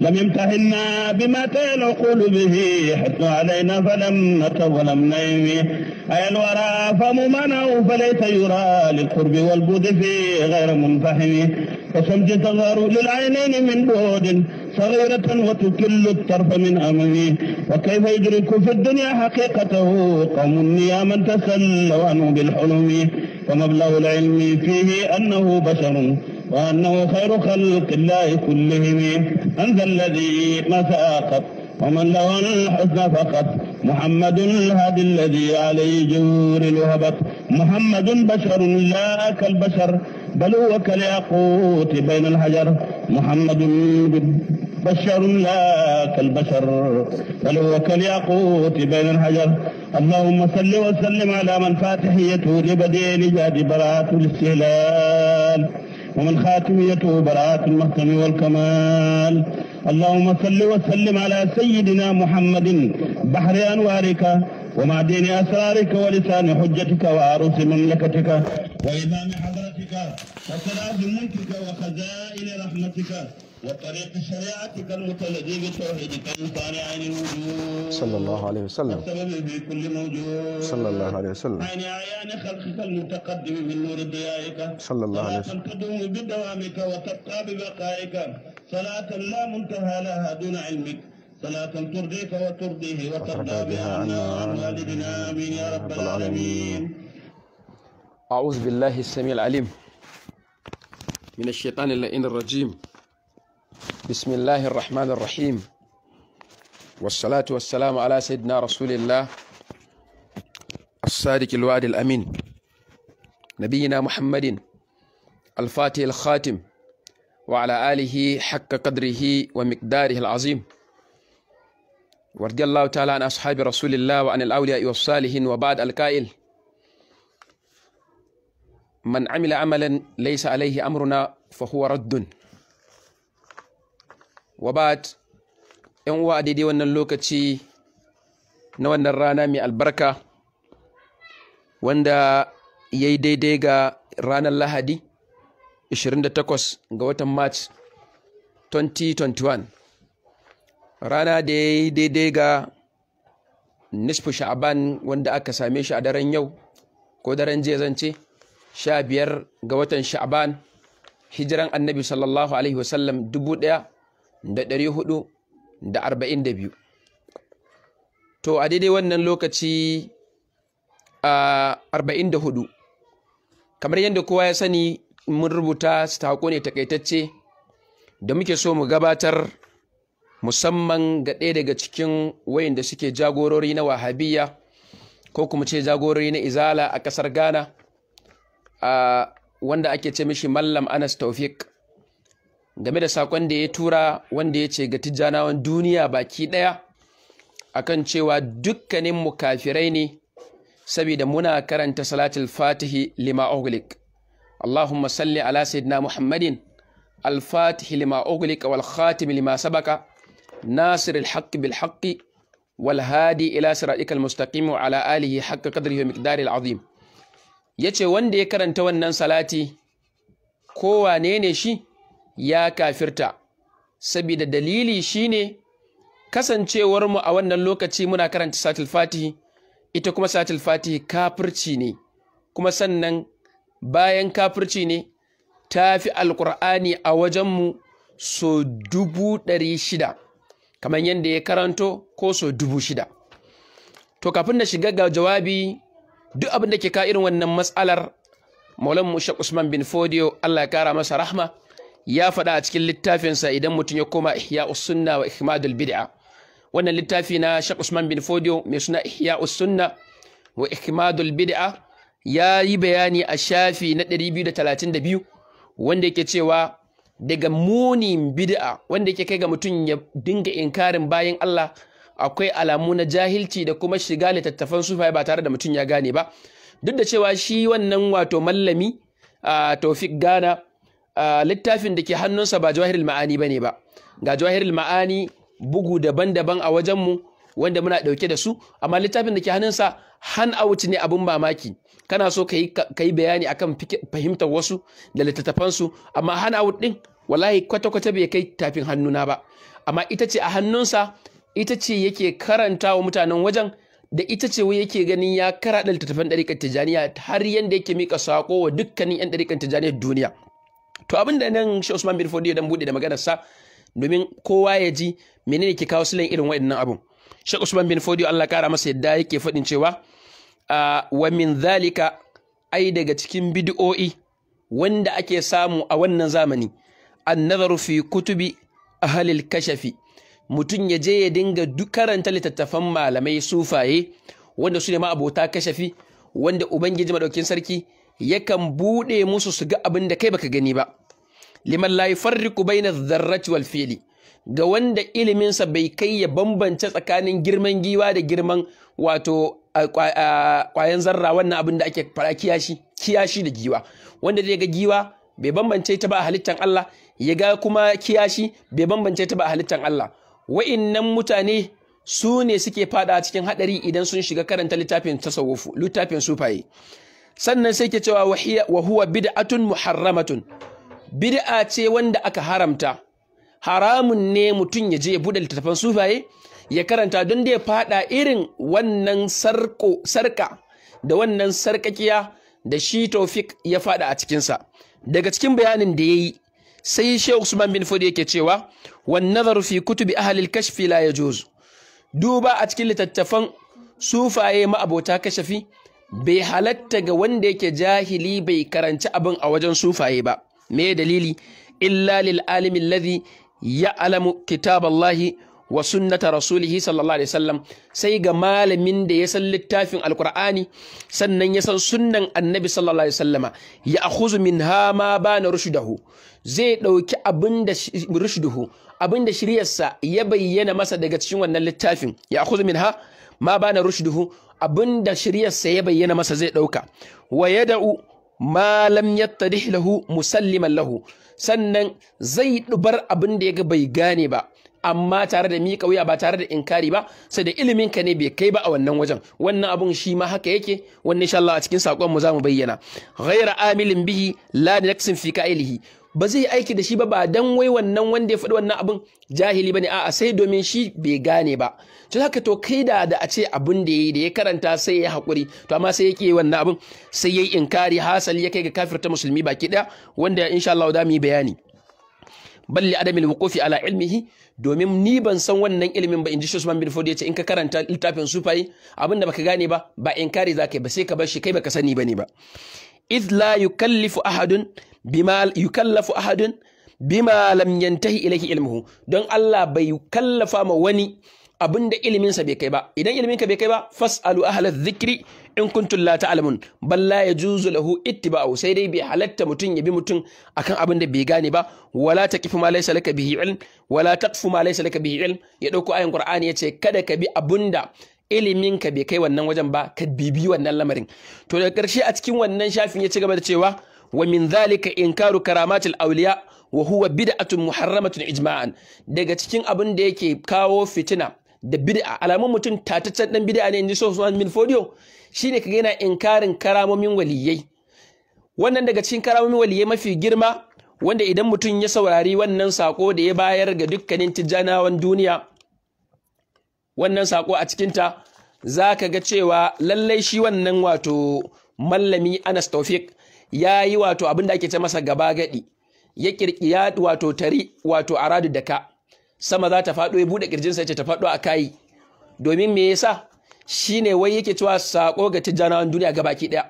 لم يمتحنا بما تيل عقول به حتى علينا فلم نت ولم نيم أي الورى فممنع فليت يرى للقرب والبود في غير منفحم فسمج تظهر للعينين من بود صغيرة وتكل الطرف من أمامي وكيف يدرك في الدنيا حقيقته قوم نياما تسلوا عنه بالحلم ومبلغ العلم فيه أنه بشر وأنه خير خلق الله كلهم أنت الذي ما ساقط ومن له الحسن فقط محمد الهادي الذي عليه جور الوهبت محمد بشر لا كالبشر بل هو كالياقوت بين الحجر محمد بشر لا كالبشر بل هو كالياقوت بين الحجر اللهم صل وسلم على من فاتحيته لبدين جاد براءة الاستهلال ومن خاتميته براءة المحكم والكمال اللهم صل وسلم على سيدنا محمد بحر أنوارك ومعدن أسرارك ولسان حجتك وعروس مملكتك وإمام حضرتك وسلاذ ملكك وخزائن رحمتك وطريق شريعتك المتلذي بتوحيدك المطالع عن الوجود صلى الله عليه وسلم السبب في كل موجود صلى الله عليه وسلم عين عيان خلقك المتقدم من نور ضيائك صلى الله عليه وسلم تدوم بدوامك وتبقى ببقائك صلاة لا منتهى لها دون علمك صلاة ترضيك وترضيه وترضى بها عنا وعن والدنا امين يا رب العالمين أعوذ بالله السميع العليم من الشيطان اللئيم الرجيم بسم الله الرحمن الرحيم والصلاة والسلام على سيدنا رسول الله الصادق الوعد الأمين نبينا محمد الفاتح الخاتم وعلى آله حق قدره ومقداره العظيم ورضي الله تعالى عن أصحاب رسول الله وعن الأولياء والصالحين وبعد القائل من عمل عملا ليس عليه أمرنا فهو رد wabat yan uwa a daidai wannan lokaci na wannan rana mai albarka wanda ya yi daidai ga ranar lahadi 28 ga watan march 2021 rana da ya yi daidai ga nisfu sha'aban wanda aka same shi a daren yau ko daren jiya zance sha biyar ga watan sha'aban hijiran annabi sallallahu alaihi wasallam dubu da ɗari hudu da arba'in da biyu to a daidai wannan lokaci a arba'in da hudu kamar yadda kowa ya sani mun rubuta sako ne takaitacce da muke so mu gabatar musamman ga ɗaya daga cikin wayanda suke jagorori na wahabiyya ko kuma ce jagorori na izala a ƙasar ghana a wanda ake ce mishi mallam anas taufik game da sakon da ya tura wanda ya ce ga tijjanawan duniya baki ɗaya akan cewa dukkanin mu kafirai ne saboda muna karanta salatul fatihi lima ogulik Allahumma salli ala sayyidina Muhammadin al-fatihi lima Ogulik wal khatim lima sabaka nasir al-haqq bil haqqi wal hadi ila siratikal mustaqim wa ala alihi haka qadrihi wa miqdari azim yace wanda ya karanta wannan salati ko ne ne shi ya kafirta sabida dalili shine kasancewar mu a wannan lokaci muna karanta satul fatihi ita kuma satul fatihi kafirci ne kuma sannan bayan kafirci ne ta fi alkur'ani a wajenmu so dubu ɗari shida kamar yadda ya karanto ko so dubu shida to kafin na shiga ga jawabi duk abin da ke ka irin wannan matsalar maulan mushak usman bin Fodio allah ya kara masa rahma ya faɗa a cikin littafinsa idan mutum ya koma ihya usunna wa ikhmadul bid'a wannan littafi na Sheikh Usman bin Fodio mai suna ihya usunna wa ihmadul bid'a ya yi bayani a shafi na 232 wanda yake cewa daga munin bid'a wanda yake kai ga mutum ya dinga inkarin bayan Allah akwai alamu na jahilci da kuma shiga littattafan sufai ba tare da mutum ya gane ba duk da cewa shi wannan wato mallami a Tawfiq Gana Ah, littafin da ke hannunsa ba jawahirul ma'ani bane ba ga jawahirul ma'ani bugu daban-daban a wajenmu wanda muna ɗauke da su amma littafin da ke hannunsa han out ne abin mamaki kana so ka yi bayani akan fahimtar wasu da littattafansu amma han out ɗin wallahi kwata-kwata bai kai tafin hannuna ba amma ita ce a hannunsa ita ce yake karanta wa mutanen wajen da ita ce wai yake ganin ya kara littattafan ɗariƙar tijjaniya har yadda yake mika saƙo wa dukkanin 'yan ɗariƙar duniya to abin da nan shi Usman bin Fodiyo dan bude da maganar sa domin kowa ya ji menene ke kawo silan irin waɗannan abun Shi Usman bin Fodiyo Allah kara masa yadda yake faɗin cewa wa min zalika ai daga cikin bid'o'i wanda ake samu a wannan zamani an nazaru fi kutubi ahlil kashafi mutum ya je ya dinga karanta littattafan malamai sufaye wanda su ne ma abota kashafi wanda ubangiji madaukin sarki yakan buɗe musu su ga abin da kai baka gani ba liman la yufarriqu baina na zarraci fili ga wanda iliminsa bai kai ya bambance tsakanin girman giwa da girman wato kwayan zarra wannan abin da ake fara kiyashi kiyashi da giwa wanda zai ga giwa bai bambance ta ba a halittan Allah ya ga kuma kiyashi bai bambance ta ba a halittan Allah wa'innan mutane su ne suke fada cikin hadari idan sun shiga karanta littafin tasawufu littafin sufaye sannan sai ke cewa wa huwa bid'atun muharramatun bid'a ce wanda aka haramta haramun ne mutum ya je ya buɗe littattafan sufaye ya karanta don da ya faɗa irin wannan sarka da wannan sarkakiya da shi tofik ya faɗa a cikinsa daga cikin bayanin da ya yi sai Sheikh Usman bin Fodi yake cewa wannan zarufi kutubi ahalil al-kashf la jozu duba a cikin littattafan sufaye ma'abota kashafi bai halatta ga wanda yake jahili bai karanci abin a wajen sufaye ba me dalili illa lil alimi alladhi ya'lamu kitaballahi wa sunnata rasulihi sallallahu alaihi wasallam sai ga malamin da ya san littafin alqur'ani sannan ya san sunnan annabi sallallahu alaihi wasallama ya akhuzu ha ma bana rushduhu zai dauki abinda rushduhu abinda shiryarsa ya bayyana masa daga cikin wannan littafin ya akhuzu ha ma bana rushduhu abinda shiryarsa ya bayyana masa zai dauka wa yad'u ma lam yattadih lahu musalliman lahu sannan zai dubar abin da yaga bai gane ba amma tare da miƙa wuya ba tare da inkari ba sai da ilimin ka ne bai kai ba a wannan wajen wannan abun shi ma haka yake wannan insha Allah a cikin sakon mu za mu bayyana ghayra amilin bihi la naqsin fi ka'ilihi ba zai aiki da shi ba ba dan wai wannan wanda ya faɗi wannan abin jahili bane a'a sai domin shi bai gane ba to haka to kai da da a ce abin da yayi da ya karanta sai ya hakuri to amma sai yake wannan abin sai yayi inkari hasali ya kai ga kafirta musulmi baki daya wanda insha Allah da mu yi bayani balli adamin wuqufi ala ilmihi domin ni ban san wannan ilimin ba inji Usman bin Fodi yace in ka karanta littafin sufai abinda baka gane ba ba inkari zakai ba sai ka bar shi kai baka sani bane ba idh la yukallifu ahadun bima yukallafu ahadun bima lam yantahi ilayhi ilmuhu don Allah bai kallafa ma wani abin da iliminsa bai kai ba idan iliminka bai kai ba fas fasalu ahla zikiri. in kuntum la ta'lamun balla yajuzu lahu ittiba'u sai dai bai halatta mutum ya bi mutum akan abin da bai gane ba wala taqifu ma laysa laka bihi ilm wala taqfu ma laysa laka bihi ilm ya dauko ayin qur'ani yace kada ka bi abunda iliminka bai kai wannan wajen ba ka bibi wannan lamarin to da karshe a cikin wannan shafin ya ci gaba da cewa wa min zalika inkaru karamatul auliya wa huwa bid'atun muharramatun ijma'an daga cikin abin da yake kawo fitina da bid'a alamun mutum tataccen dan bid'a ne inji Sufyan bin Fodio shine kaga yana inkarin karamomin waliyai wannan daga cikin karamomin waliyai mafi girma wanda idan mutum ya saurari wannan sako da ya bayar ga dukkanin tijanawan duniya wannan sako a cikinta za ka ga cewa lallai shi wannan wato mallami Anas Tawfiq ya yi wato abin da ake ce masa gaba gadi ya kirki ya wato tari wato aradu da ka sama za ta faɗo ya buɗe ƙirjinsa ya ce ta faɗo a kayi domin me yasa shi ne wai yake cewa sako ga tijjanawan duniya gabaki ɗaya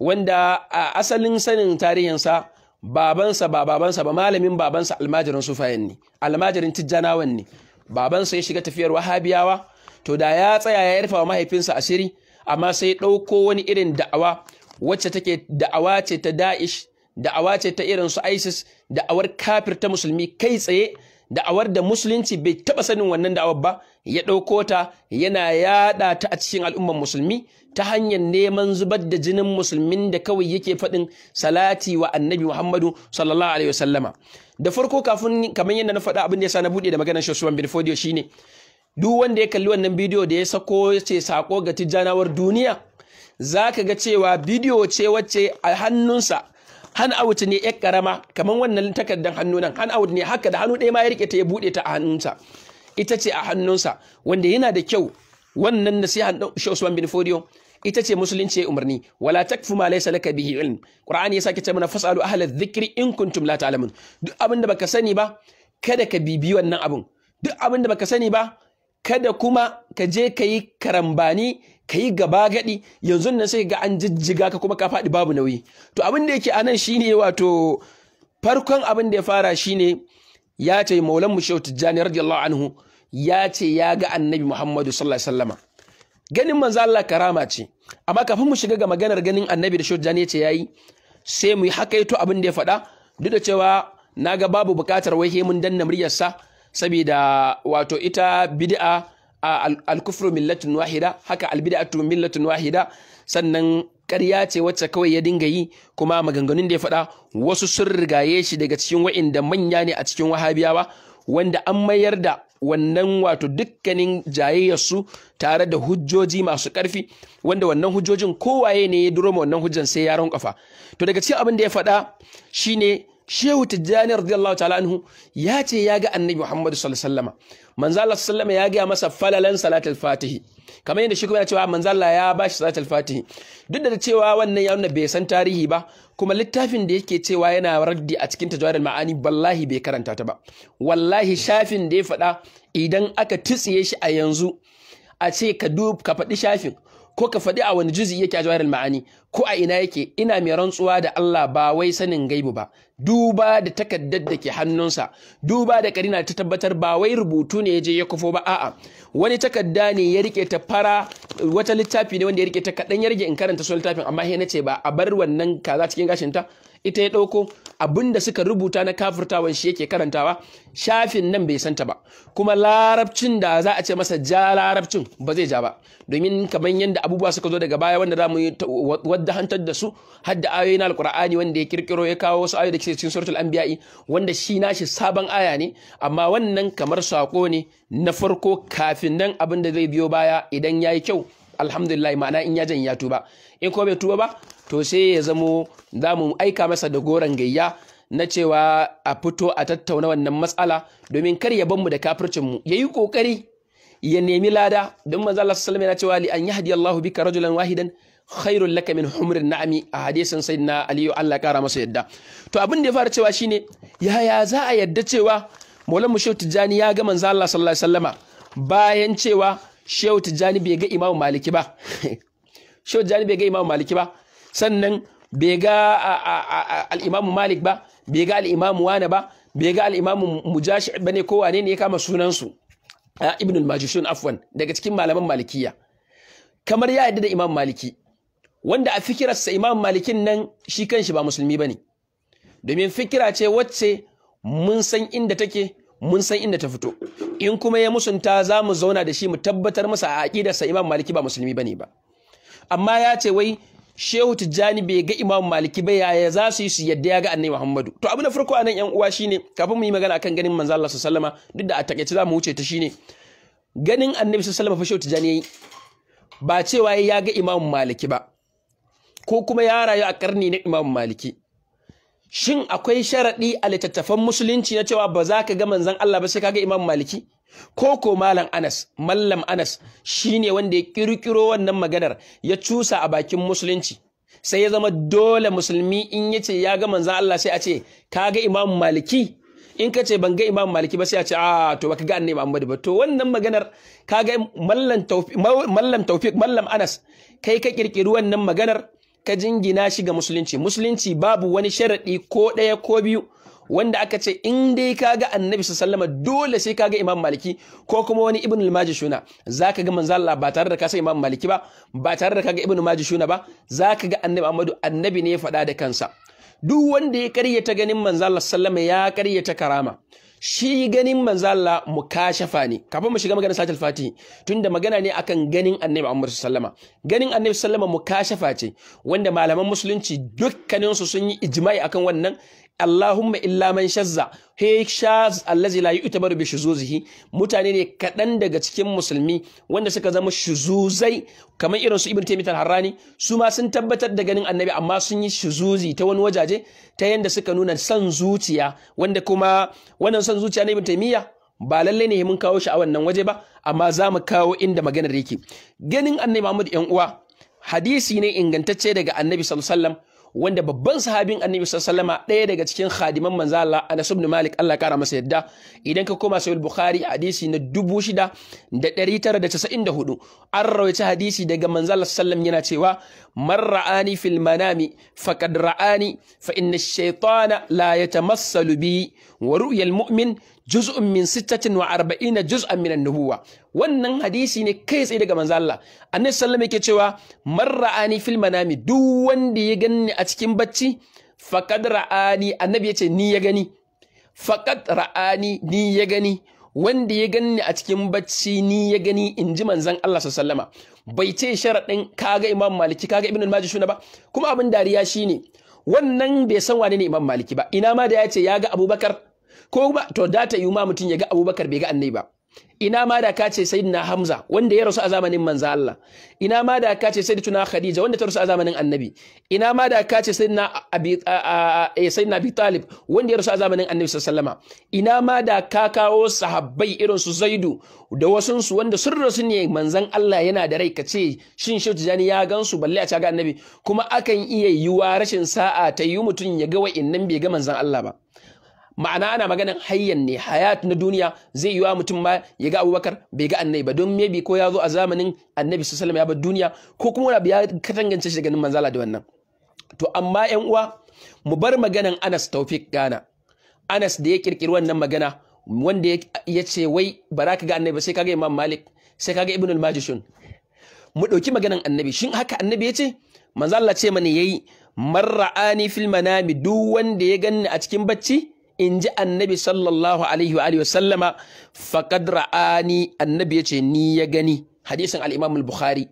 wanda a asalin sanin tarihinsa babansa ba babansa ba malamin babansa almajirin sufayen ne almajirin tijjanawan ne babansa ya shiga tafiyar wahabiyawa to da ya tsaya ya yarfa wa mahaifinsa asiri amma sai ɗauko wani irin da'awa wacce take da'awa ce ta Da'ish da'awa ce ta irin su ISIS da'awar kafir ta musulmi kai tsaye da'awar da musulunci bai taba sanin wannan da'awar ba ya ɗauko ta yana yaɗa ta a cikin al'ummar musulmi ta hanyar neman zubar da jinin musulmin da kawai yake faɗin salati wa annabi Muhammadu sallallahu alaihi wasallama da farko kafin kamar yadda na faɗa abin da ya sa na buɗe da maganar Shosuwan bin shine duk wanda ya kalli wannan bidiyo da ya sako ce sako ga tijjanawar duniya za ka ga cewa bidiyo ce wacce a hannunsa han ne yar karama kamar wannan takardar hannu nan han out ne haka da hannu ɗaya ma ya rike ta ya buɗe ta a hannunsa ita ce a hannunsa wanda yana da kyau wannan nasihan ɗan shi Usman bin Fodiyo ita ce musulunci ya umarni wala takfu ma laysa laka bihi ilm qur'ani ya sake ce mana fasalu ahla dhikri in kuntum la ta'lamun duk abin da baka sani ba kada ka bibi wannan abun duk abin da baka sani ba kada kuma ka je ka yi karambani ka yi gaba gaɗi yanzu nan sai ga an jijjiga ka kuma ka faɗi babu nauyi to abin da yake anan shine wato farkon abin da ya fara shine ya ce maulan mu shehu tijjani radiyallahu anhu ya ce ya ga annabi muhammadu sallallahu alaihi wasallama ganin manzo Allah karama ce amma kafin mu shiga ga maganar ganin annabi da shehu tijjani ya ce yayi sai mu yi hakaito abin da ya faɗa duk da cewa na ga babu buƙatar wai mun danna muryarsa saboda wato ita bid'a al-kufru millatun wahida haka al-bid'atu millatun wahida sannan ƙarya ce wacce kawai ya dinga yi kuma maganganun da ya faɗa wasu sun rigaye shi daga cikin wa'inda manya ne a cikin wahabiyawa wanda an mayar da wannan wato dukkanin jayayyarsu tare da hujjoji masu ƙarfi wanda wannan hujjojin kowaye ne ya duroma wannan hujjan sai yaron kafa to daga cikin abin da ya faɗa shine shehu tijjani radiyallahu ta'ala anhu ya ce ya ga annabi muhammadu sallallahu alaihi wasallam ya ga masa falalan salatul fatihi kamar yadda shi kuma ya cewa manzo Allah ya bashi salatul fatihi duk da cewa wannan ya nuna bai san tarihi ba kuma littafin da yake cewa yana raddi a cikin tajawar ma'ani wallahi bai karanta ta ba wallahi shafin da ya faɗa idan aka tutsiye shi a yanzu a ce ka dub ka faɗi shafin ko ka faɗi a wani juzi yake a jawarar ma'ani ko a ina yake ina mai rantsuwa da Allah ba wai sanin gaibu ba duba da takaddar da ke hannunsa duba da karina ta tabbatar ba wai rubutu ne ya je ya kufo ba a'a wani takadda ne ya rike ta fara wata littafi ne wanda ya rike ta kaɗan ya rike in karanta su littafin amma sai na ce ba a bar wannan kaza cikin gashinta ita ya ɗauko abin da suka rubuta na kafirtawan shi yake karantawa shafin nan bai santa ba kuma larabcin da za a ce masa ja larabcin ba zai ja ba domin kamar yadda abubuwa suka zo daga baya wanda za mu wadda hantar da su har ayoyi na alkur'ani wanda ya kirkiro ya kawo wasu ayoyi da ke cikin suratul anbiya'i wanda shi na shi sabon aya ne amma wannan kamar sako ne na farko kafin nan abin da zai biyo baya idan ya yi kyau alhamdulillah ma'ana in ya janya tuba in ko bai tuba ba to sai ya zamo za mu aika masa da goron gayya na cewa a fito a tattauna wannan matsala domin kar ya mu da kafircin mu yi kokari ya nemi lada don manzo Allah sallallahu alaihi cewa li an yahdi Allahu bika rajulan wahidan khairul lakamin min humrin na'ami a hadisin na Ali Allah kara masa yadda to abin da ya fara cewa shine yaya za a yadda cewa Maulana Shehu Tijjani ya ga manzo Allah sallallahu alaihi wasallama bayan cewa Shehu Tijjani bai ga Imam Maliki ba Shehu Tijjani bai ga Imam Maliki ba sannan bai ga al'imamu malik ba bai ga al'imamu wane ba bai ga al'imamu mujashi ba ne Kowa ne ya kama sunansu ibn al-majishun afwan daga cikin malaman malikiya kamar ya yadda da imam maliki wanda a fikirarsa imam malikin nan shi kanshi ba musulmi ba ne domin fikira ce wacce mun san inda take mun san inda ta fito in kuma ya musunta za mu zauna da shi mu tabbatar masa a aƙidarsa imam maliki ba musulmi ba ne ba amma ya ce wai shehu tijjani bai ga imam maliki ba yaya za su yi su yadda ya ga annabi muhammadu to abu na farko anan yan uwa shine kafin mu yi magana kan ganin manzo Allah sallama duk da a takaice za mu wuce ta shine ganin annabi sallama fa shehu tijjani yayi ba cewa ya ga imam maliki ba ko kuma ya rayu a karni na imam maliki shin akwai sharaɗi a littattafan musulunci na cewa ba za ka ga manzan Allah ba sai ka ga Imam Maliki ko ko Malam Anas Mallam Anas shine wanda ya kirkiro wannan maganar ya cusa a bakin musulunci sai ya zama dole musulmi in ya ce ya ga manzan Allah sai a ce ka ga Imam Maliki in ka ce ban ga Imam Maliki ba sai a ce a ah, to baka ga Annabi Muhammad ba to wannan maganar ka ga Mallam Tawfiq Mallam Tawfiq Mallam Anas kai ka kirkiri wannan maganar ka jingina shi ga musulunci musulunci babu wani sharaɗi ko ɗaya ko biyu wanda aka ce in dai ka ga annabi sallama dole sai ka ga imam maliki ko kuma wani ibn al Za ka ga manzo Allah ba tare da ka san imam maliki ba ba tare da ga ibn al Shuna ba Za ka ga annabi Muhammadu annabi ne ya faɗa da kansa duk wanda ya karyata ganin manzo sallama ya karyata karama shi ganin manzo Allah mukashafa ne kafin mu shiga maganar salatul fatihi tunda magana ne akan ganin annabi Muhammad sallama ganin annabi sallama mukashafa ce wanda malaman musulunci dukkaninsu sun yi ijma'i akan wannan Allahumma illa man shazza he shaz allazi la yu'tabaru bi shuzuzihi mutane ne kadan daga cikin musulmi wanda suka zama shuzuzai kamar irin su Ibn Taymiyyah harrani su ma sun tabbatar da ganin Annabi amma sun yi shuzuzi ta wani wajaje ta yanda suka nuna san zuciya wanda kuma wannan san zuciya na Ibn Taymiyyah ba lalle ne mun kawo shi a wannan waje ba amma za mu kawo inda maganar yake ganin Annabi Muhammad yan uwa hadisi ne ingantacce daga Annabi sallallahu alaihi wasallam wanda babban sahabin annabi sallama ɗaya daga cikin khadiman manzo Allah Anas ibn Malik Allah kara masa yadda idan ka koma sahih Bukhari hadisi na 6994 an rawaita hadisi daga manzo Allah sallam yana cewa man ra'ani fil manami faqad ra'ani fa inna ash-shaytana la yatamassalu bi wa al mu'min juz'un min sittatin wa arba'ina juz'an min an-nubuwa wannan hadisi ne kai tsaye daga manzo Allah annabi sallallahu yake cewa marra'ani fil manami duk wanda ya ganni a cikin bacci faqad ra'ani annabi yace ni ya gani faqad ra'ani ni ya gani wanda ya ganni a cikin bacci ni ya gani in ji manzan Allah sallama bai ce sharaɗin kaga imam maliki kaga ibn maji shuna ba kuma abin dariya shi ne. wannan bai san wane ne imam maliki ba ina ma da ya ce ya ga abubakar ko ba to da ta yi ma mutum ya ga abubakar bai ga annabi ba ina ma da ka ce sayyidina hamza wanda ya rasu a zamanin manzo Allah ina ma da ka ce sayyidatuna khadija wanda ta rasu a zamanin annabi ina ma da ka ce sayyidina abi eh, sayyidina abi talib wanda ya rasu a zamanin annabi sallallahu ina ma da ka kawo sahabbai irin su zaidu da wasun su wanda sun rasu ne manzon Allah yana da rai ka ce shin shi tijani ya gansu balle a ga annabi kuma akan iya yiwa rashin sa'a ta yi mutun ya ga wa'innan bai ga manzon Allah ba ma'ana ana maganan hayyan ne hayat na duniya zai wa mutum ma ya ga abubakar bai ga annabi ba don maybe ko ya zo a zamanin annabi su ya bar duniya ko kuma wani ya katangance shi da ganin manzala da wannan to amma yan uwa mu bar maganan anas taufik gana anas da ya kirkiri wannan magana wanda ya ce wai ba za ka ga annabi sai ka ga imam malik sai ka ga ibnul majishun mu ɗauki maganan annabi shin haka annabi ya ce manzala ce mana yayi man ra'ani fil manami duk wanda ya ganni a cikin bacci in ji annabi sallallahu alaihi wa sallama faqad ra'ani annabi yace ni ya gani hadisin al bukhari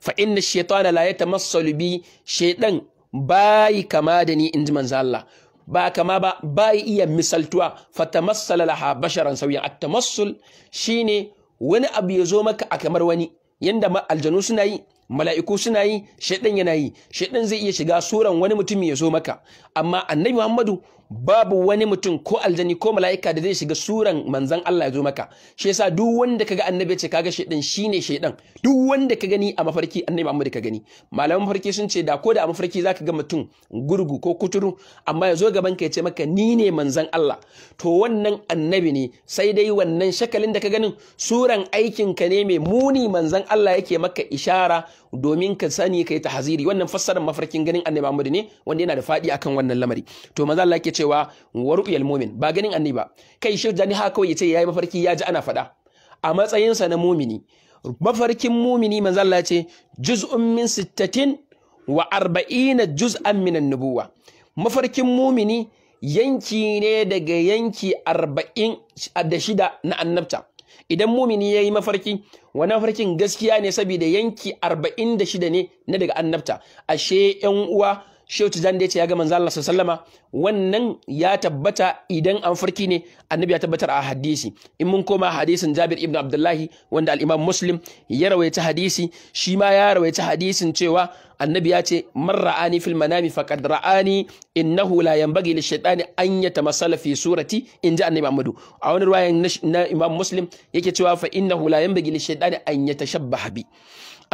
fa inna ya shaytana la yatamassalu bi shaydan bai kama da ni in ji manzo Allah ba kama ba bai iya misaltuwa fatamassala laha basharan sauyan at-tamassul shine wani abu ya zo maka a kamar wani yanda aljanu suna yi mala'iku suna yi shaidan yana yi shaidan zai iya shiga suran wani mutum ya zo maka amma annabi muhammadu babu wani mutum ko aljani ko mala'ika da zai shiga suran manzan Allah ya zo maka shi yasa duk wanda kaga annabi ya ce kaga shedan shine shaidan? duk wanda ka gani a mafarki annabi Muhammad ka gani malaman mafarki sun ce da ko da a mafarki zaka ga mutum gurgu ko kuturu amma ya zo gaban ka ya ce maka ni ne manzan Allah to wannan annabi ne sai dai wannan shakalin da ka ganin suran aikin ka ne mai muni manzan Allah yake maka ishara domin ka sani kai tahziri wannan fassarar mafarkin ganin annabi Muhammad ne wanda yana da fadi akan wannan lamari to manzan Allah yake ce cewa wa ru'yal mu'min ba ganin annabi ba kai shi jani haka kawai yace yayi mafarki ya ji ana faɗa a matsayinsa na mumini mafarkin mumini manzo Allah ya ce juz'un min sittatin wa arba'ina juz'an min nubuwa mafarkin mumini yanki ne daga yanki arba'in da shida na annabta idan mumini ya yi mafarki wani mafarkin gaskiya ne saboda yanki arba'in da shida ne na daga annabta ashe yan uwa shehu tijani da ya ce ya ga manzo Allah sallama wannan ya tabbata idan an farki ne annabi ya tabbatar a hadisi in mun koma hadisin Jabir ibn Abdullahi wanda al-Imam Muslim ya rawaita hadisi shi ma ya rawaita hadisin cewa annabi ya ce man ra'ani fil manami faqad ra'ani innahu la yanbaghi lish shaytani an yatamassala fi surati In ji annabi Muhammadu a wani riwayan na Imam Muslim yake cewa fa innahu la yanbaghi lish shaytani an yatashabbaha bi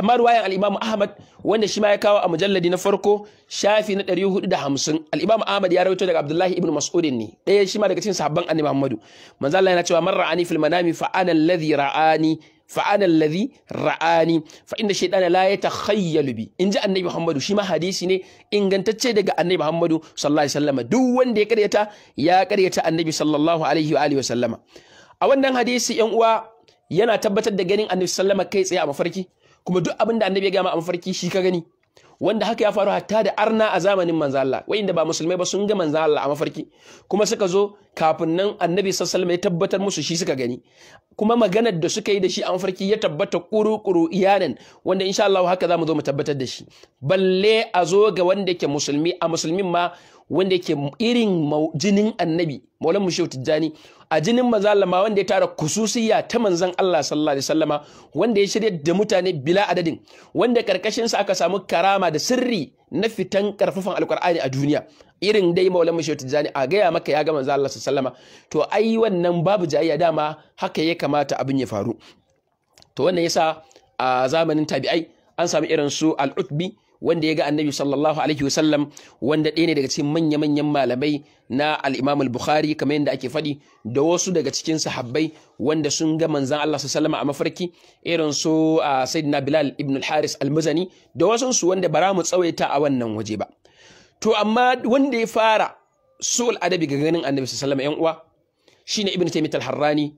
amma ruwayan al'imamu Ahmad wanda shi ma ya kawo a mujalladi na farko shafi na 450 al-Imam Ahmad ya rawaito daga Abdullahi ibn mas'udin ne ɗaya shi ma daga cikin sahabban Annabi Muhammadu manzo Allah yana cewa marra ani fil manami fa ana alladhi ra'ani fa ana alladhi ra'ani fa inda shaytana la yatakhayyalu bi inji Annabi Muhammadu shi ma hadisi ne ingantacce daga Annabi Muhammadu sallallahu alaihi wasallama duk wanda ya karyata ya karyata Annabi sallallahu alaihi wa wasallama a wannan hadisi yan uwa yana tabbatar da ganin Annabi sallama kai tsaye a mafarki kuma duk abin da annabi ya gama a mafarki shi ka gani wanda haka ya faru hatta da arna a zamanin manzo Allah wayanda ba musulmai ba sun ga manzo Allah a mafarki kuma suka zo kafin nan annabi sallallahu ya tabbatar musu shi suka gani kuma maganar da suka yi da shi a mafarki ya tabbata kuru-kuru iyanan wanda insha Allah haka za mu zo mu tabbatar da shi balle a zo ga wanda yake musulmi a musulmin ma wanda yake irin jinin annabi maulan mushehu tijjani a jinin mazalama wanda ya tara kususiya ta manzan Allah sallallahu alaihi wasallama wanda ya shirya da mutane bila adadin wanda karkashin sa aka samu karama da sirri na fitan karfafan alkur'ani a duniya irin dai maulan mu tijani a gaya maka ya ga manzan Allah sallallahu alaihi wasallama to ai wannan babu jayayya dama haka ya kamata abin ya faru to wannan yasa a zamanin tabi'ai an samu irin su al-utbi wanda ya ga annabi sallallahu alaihi wasallam wanda ɗaya ne daga cikin manya-manyan malamai na al bukhari kamar yadda ake faɗi da wasu daga cikin sahabbai wanda sun ga manzan Allah sallama a mafarki irin su a sayyidina bilal ibn al-haris al-muzani da wasu su wanda bara mu tsawaita a wannan waje ba to amma wanda ya fara su al’adabi ga ganin annabi sallallahu alaihi uwa shi ne ibn taymiyyah al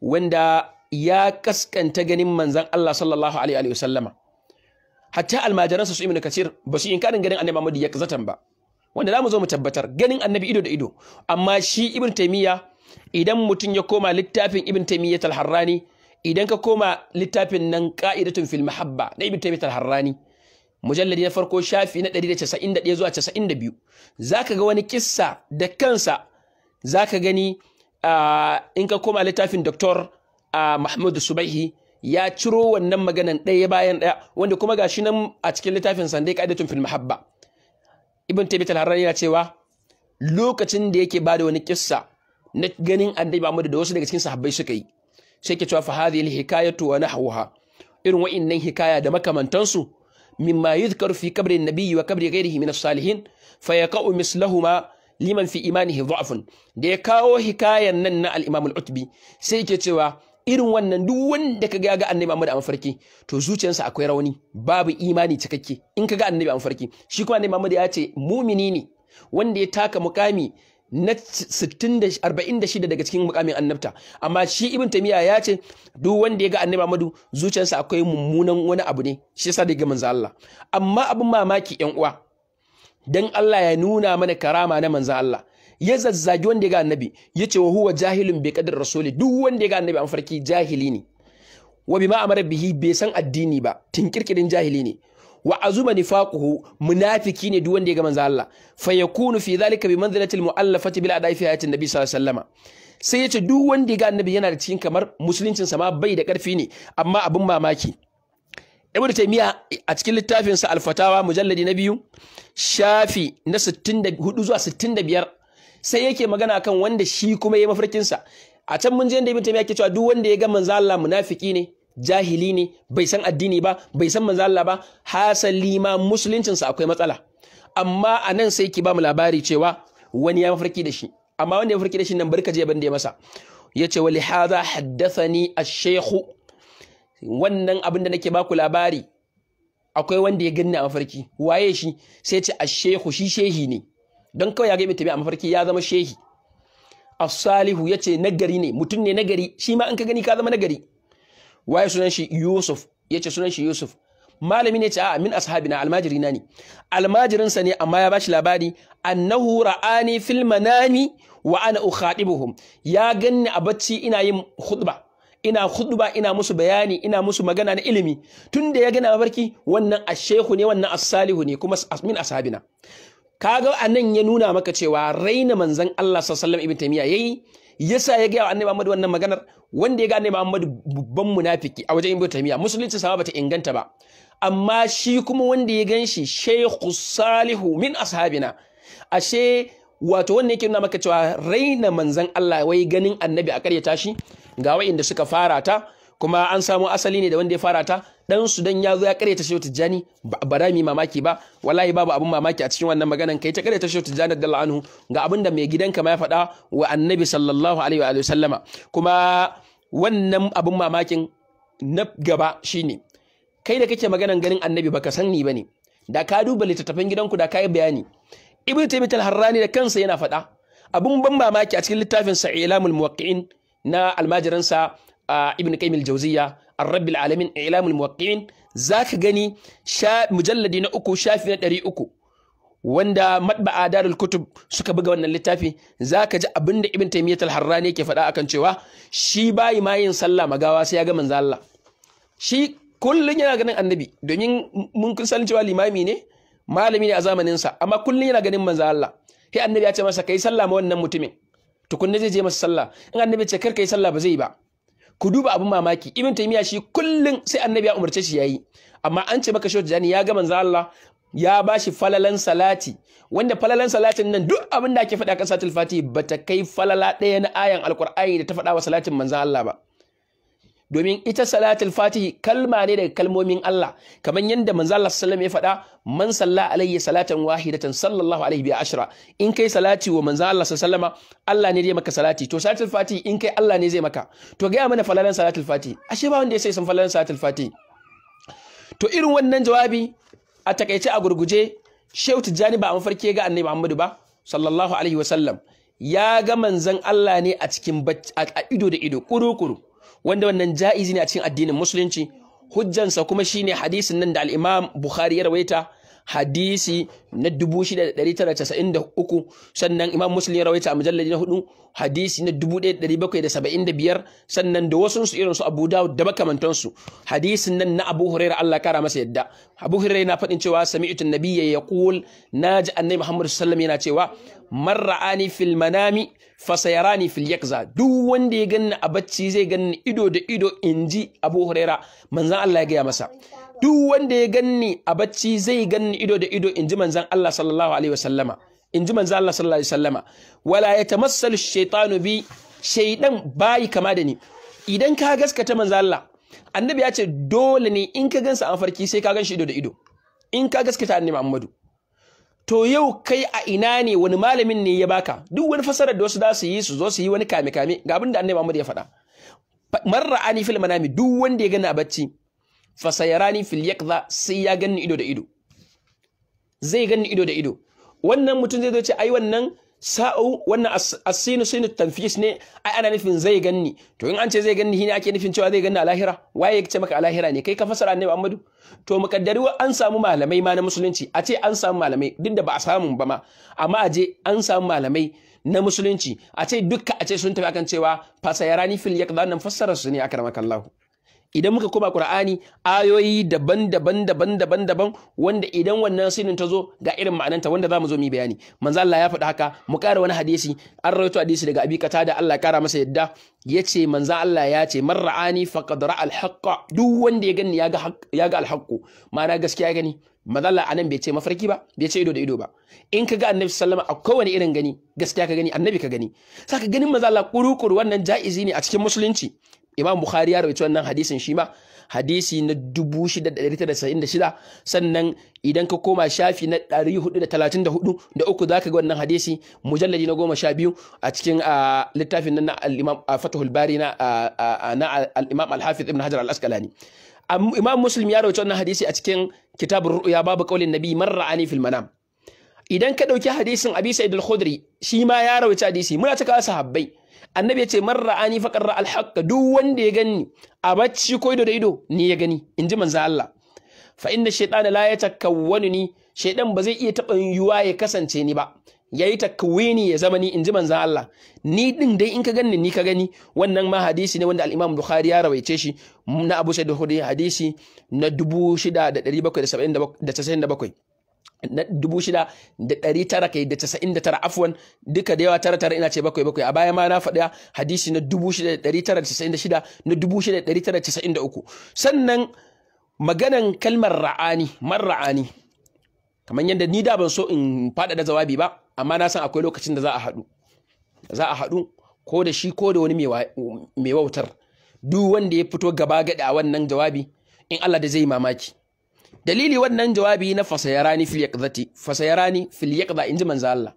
wanda ya kaskanta ganin manzan Allah sallallahu alaihi wasallama hatta almajiransa su ibnu kasir ba su inkarin ganin annabi Muhammad ya kazatan ba wanda zamu zo mu tabbatar ganin annabi ido da ido amma shi ibn taymiya idan mutum ya koma littafin ibn taymiya al idan ka koma littafin nan qa'idatun fil mahabba na ibn taymiya al mujalladi na farko shafi na 191 zuwa 92 zaka ga wani kissa da kansa zaka gani ah, in ka koma littafin doktor ah, Mahmud Subaihi ya ciro wannan maganan ɗaya bayan ɗaya wanda kuma ga shi nan a cikin littafin sandai qa'idatun fil mahabba ibn tabi al yana cewa lokacin da yake bada wani kissa na ganin annabi Muhammad da wasu daga cikin sahabbai suka yi sai ke cewa fa hadhihi al-hikayatu wa nahwaha irin wa'innan hikaya da makamantansu mimma yuzkaru fi qabri an-nabiy wa qabri ghayrihi min as-salihin fa yaqa'u mislahuma liman fi imanihi dha'fun da ya kawo hikayan nan na al-imam al-utbi sai ke cewa irin wannan duk wanda kaga ya ga annabi Muhammad a mafarki to zuciyarsa akwai rauni babu imani cikakke in kaga annabi a mafarki shi kuma annabi Muhammad ya ce mumini ne wanda ya taka mukami na 46 daga cikin mukamin annabta amma shi ibn tamiya ya ce duk wanda ya ga annabi Muhammad zuciyarsa akwai mummunan wani abu ne shi yasa da ga manzo Allah amma abin mamaki yan uwa dan Allah ya nuna mana karama na manzo Allah ya zazzagi wanda ya ga annabi ya ce wa huwa jahilun bai qadar rasuli duk wanda ya ga annabi an farki jahili ne wa bima amara bihi bai san addini ba Tun kirkirin jahili ne wa azuma nifaquhu munafiki ne duk wanda ya ga manzo Allah fa yakunu fi dhalika bi manzilati almu'allafati bil ada'i fi hayatin nabi sallallahu alaihi sai ya ce duk wanda ya ga annabi yana da cikin kamar musuluncin sa ma bai da karfi ne amma abin mamaki Ibn Taymiyyah a cikin littafinsa sa Al-Fatawa mujalladi na biyu shafi na 64 zuwa 65 sai yake magana kan wanda shi kuma ya mafarkinsa a can mun je da ibn yake cewa duk wanda ya ga manzo Allah munafiki ne jahili ne bai san addini ba bai san manzo Allah ba hasali ma sa akwai matsala amma anan nan sai ki ba mu labari cewa wani ya mafarki da shi amma wanda ya mafarki da shi nan barka je ban da masa yace wali hadha haddathani ash-shaykh wannan abin da nake baku labari akwai wanda ya ganni a mafarki waye shi sai ce ash-shaykh shi shehi ne don kawai ya gaibe tabi a mafarki ya zama shehi as-salihu yace nagari ne mutum ne nagari shi ma an ka gani ka zama nagari waye sunan shi Yusuf yace sunan shi Yusuf malami ne ce a min ashabina almajiri na ne almajirin sa ne amma ya bashi labari annahu ra'ani fil manami wa ana ukhatibuhum ya ganni a bacci ina yin khutba ina khutba ina musu bayani ina musu magana na ilimi tunda ya gana mafarki wannan ashehu ne wannan as ne kuma min ashabina kaga anan ya nuna maka cewa raina manzon Allah sallallahu alaihi ibn yayi yasa ya ga annabi Muhammad wannan maganar wanda ya ga annabi Muhammad babban munafiki a wajen ibn tamiya musulunci sa bata inganta ba amma shi kuma wanda ya ganshi shaykhu salihu min ashabina ashe wato wanda yake nuna maka cewa raina manzon Allah wai ganin annabi a ƙarya tashi. ga wa'inda suka fara ta kuma an samu asali ne da wanda ya fara ta dan sudan ya zo ya kare ta shehu tijjani ba da mi mamaki ba wallahi babu abin mamaki a cikin wannan maganan kai ta kare ta shehu tijjani da anhu ga abin da mai gidanka ma ya faɗa wa annabi sallallahu alaihi wa sallama kuma wannan abun mamakin na gaba shine kai da kake maganan ganin annabi baka san ni ne. da ka duba littattafan gidanku da ka yi bayani ibnu taymiyyah al-harrani da kansa yana faɗa Abin ban mamaki a cikin littafin sa ilamul muwaqqi'in na almajiransa ibn qayyim al-jawziyya arrabil alamin ilamul muwaqqi'in zaka gani mujalladi na uku shafi na ɗari uku wanda matba'a darul kutub suka buga wannan littafi zaka ji abinda ibn taymiyyah al-harrani yake faɗa akan cewa shi bayi ma yin sallah magawa sai ya ga manzo Allah shi kullun yana ganin annabi domin mun san cewa limami ne malami ne a zamanin sa amma kullun yana ganin manzo Allah sai annabi ya ce masa kai sallah ma wannan mutumin tukunna zai je masa sallah in annabi ce kar kai sallah ba zai ba ku duba abin mamaki ibn taymiya shi kullum sai annabi ya umarce shi yayi amma an ce maka shehu jani ya ga manzo Allah ya bashi falalan salati wanda falalan salatin nan duk abin da ake faɗa kan salatul fati bata kai falala ɗaya na ayan alqur'ani da ta faɗa wa salatin manzo Allah ba domin ita salatul fatihi kalma ne daga kalmomin Allah kamar yadda manzo Allah sallallahu alaihi wasallam ya faɗa man salla alayhi salatan wahidatan sallallahu alaihi wa ashra in kai salati wa manzo Allah sallallahu alaihi Allah ne zai maka salati to salatul fatihi in kai Allah ne zai maka to ga mana falalan salatul fatihi ashe ba wanda ya sai san falalan salatul fatihi to irin wannan jawabi a takaice a gurguje Shehu Tijjani ba a mafarki ga Annabi Muhammadu ba sallallahu alaihi wasallam ya ga manzon Allah ne a cikin a ido da ido kuru kuru wanda wannan ja'izi ne a cikin addinin musulunci hujjansa kuma shine hadisin nan da al Bukhari ya rawaita hadisi na 6993 sannan imam muslim ya rawaita a mujalladi na hudu hadisi na 1775 sannan da wasu su irin su abu dawud da makamantansu hadisin nan na abu huraira Allah kara masa yadda abu huraira na faɗin cewa sami'tu nabiyya yaqul naji annabi muhammad sallallahu alaihi yana cewa man ra'ani fil manami ni fil yakza duk wanda ya ganni a bacci zai ganni ido da ido inji abu huraira manzon Allah ya gaya masa duk wanda ya ganni a bacci zai ganni ido da ido inji manzan Allah sallallahu alaihi wasallama inji manzan Allah sallallahu alaihi wasallama wala yatamassalu shaytanu bi shaydan bayi kama da ni idan ka gaskata manzan Allah annabi ya ce dole ne in ka gansa an farki sai ka gan ido da ido in ka gaskata annabi Muhammadu to yau kai a ina ne wani malamin ne ya baka duk wani fasarar da wasu za su yi su zo su yi wani kame kame ga abin da annabi Muhammadu ya faɗa marra ani fil manami duk wanda ya gani a bacci fasayarani fil yaqza sai ya ganni ido da ido zai ganni ido da ido wannan mutum zai zo ce ai wannan sa'u wannan asinu sinu tanfis ne ai ana nufin zai ganni to in an ce zai ganni shine ake nufin cewa zai ganni a lahira waye ya ce maka a lahira ne kai ka fasara annabi Muhammadu to mukaddari an samu malamai ma na musulunci a ce an samu malamai duk da ba a samu ba ma amma a je an samu malamai na musulunci a ce dukka a ce sun tafi akan cewa fasayarani fil yaqdan nan fassara su ne akramakallahu idan muka koma Qur'ani ayoyi daban-daban daban-daban daban wanda idan wannan sinin ta zo ga irin ma'ananta wanda zamu zo mu bayani manzo Allah ya faɗa haka mu ƙara wani hadisi an rawaito hadisi daga Abi Qatada Allah ya ƙara masa yadda yace manzo Allah ya ce man ra'ani faqad al duk wanda ya gani ya ga ya ga al ma'ana gaskiya ya gani manzo Allah anan bai ce mafarki ba bai ce ido da ido ba in ka ga annabi sallama a kowane irin gani gaskiya ka gani annabi ka gani saka ganin manzo Allah kurukuru wannan ja'izi ne a cikin musulunci imam bukhari ya rawaito wannan hadisin shi ma hadisi na 6,976 sannan idan ka koma shafi na 434 da uku za ka ga wannan hadisi mujalladi na goma sha biyu a cikin littafin nan na al'imam fatahul bari na al'imam al-hafiz ibn hajar al-asqalani imam muslim ya rubuta wannan hadisi a cikin kitabun ru'ya babu kaulin nabi marra ani fil manam idan ka dauki hadisin abi sa'id al-khudri shi ma ya rubuta hadisi muna ta kawo sahabbai annabi ya ce man ra'ani faqad ra'al duk wanda ya gani a bacci ko ido da ido ni ya gani inji manzo Allah fa inna shaytana la yatakawwanu ni shaydan ba zai iya taɓa yuwa ya kasance ni ba yayi takwini ya zama ni inji manzo Allah ni din dai in ka gani ni ka gani wannan ma hadisi ne wanda al-Imam Bukhari ya rawaice shi na Abu Sa'id khudri hadisi na 6777 dubu shida da ɗari tara kai da casa'in da tara afuwan duka da yawa tara tara ina ce bakwai bakwai a baya ma na faɗa hadisi na dubu shida da ɗari tara da casa'in da shida na dubu shida da ɗari tara da casa'in da uku sannan maganan kalmar ra'ani mar ra'ani kamar yadda ni da ban so in da jawabi ba amma na san akwai lokacin da za a haɗu za a haɗu ko da shi ko da wani mai wautar duk wanda ya fito gaba gaɗa a wannan jawabi in Allah da zai mamaki dalili wannan jawabi na fasayarani fil yaqzati fasayarani fil inji manzo Allah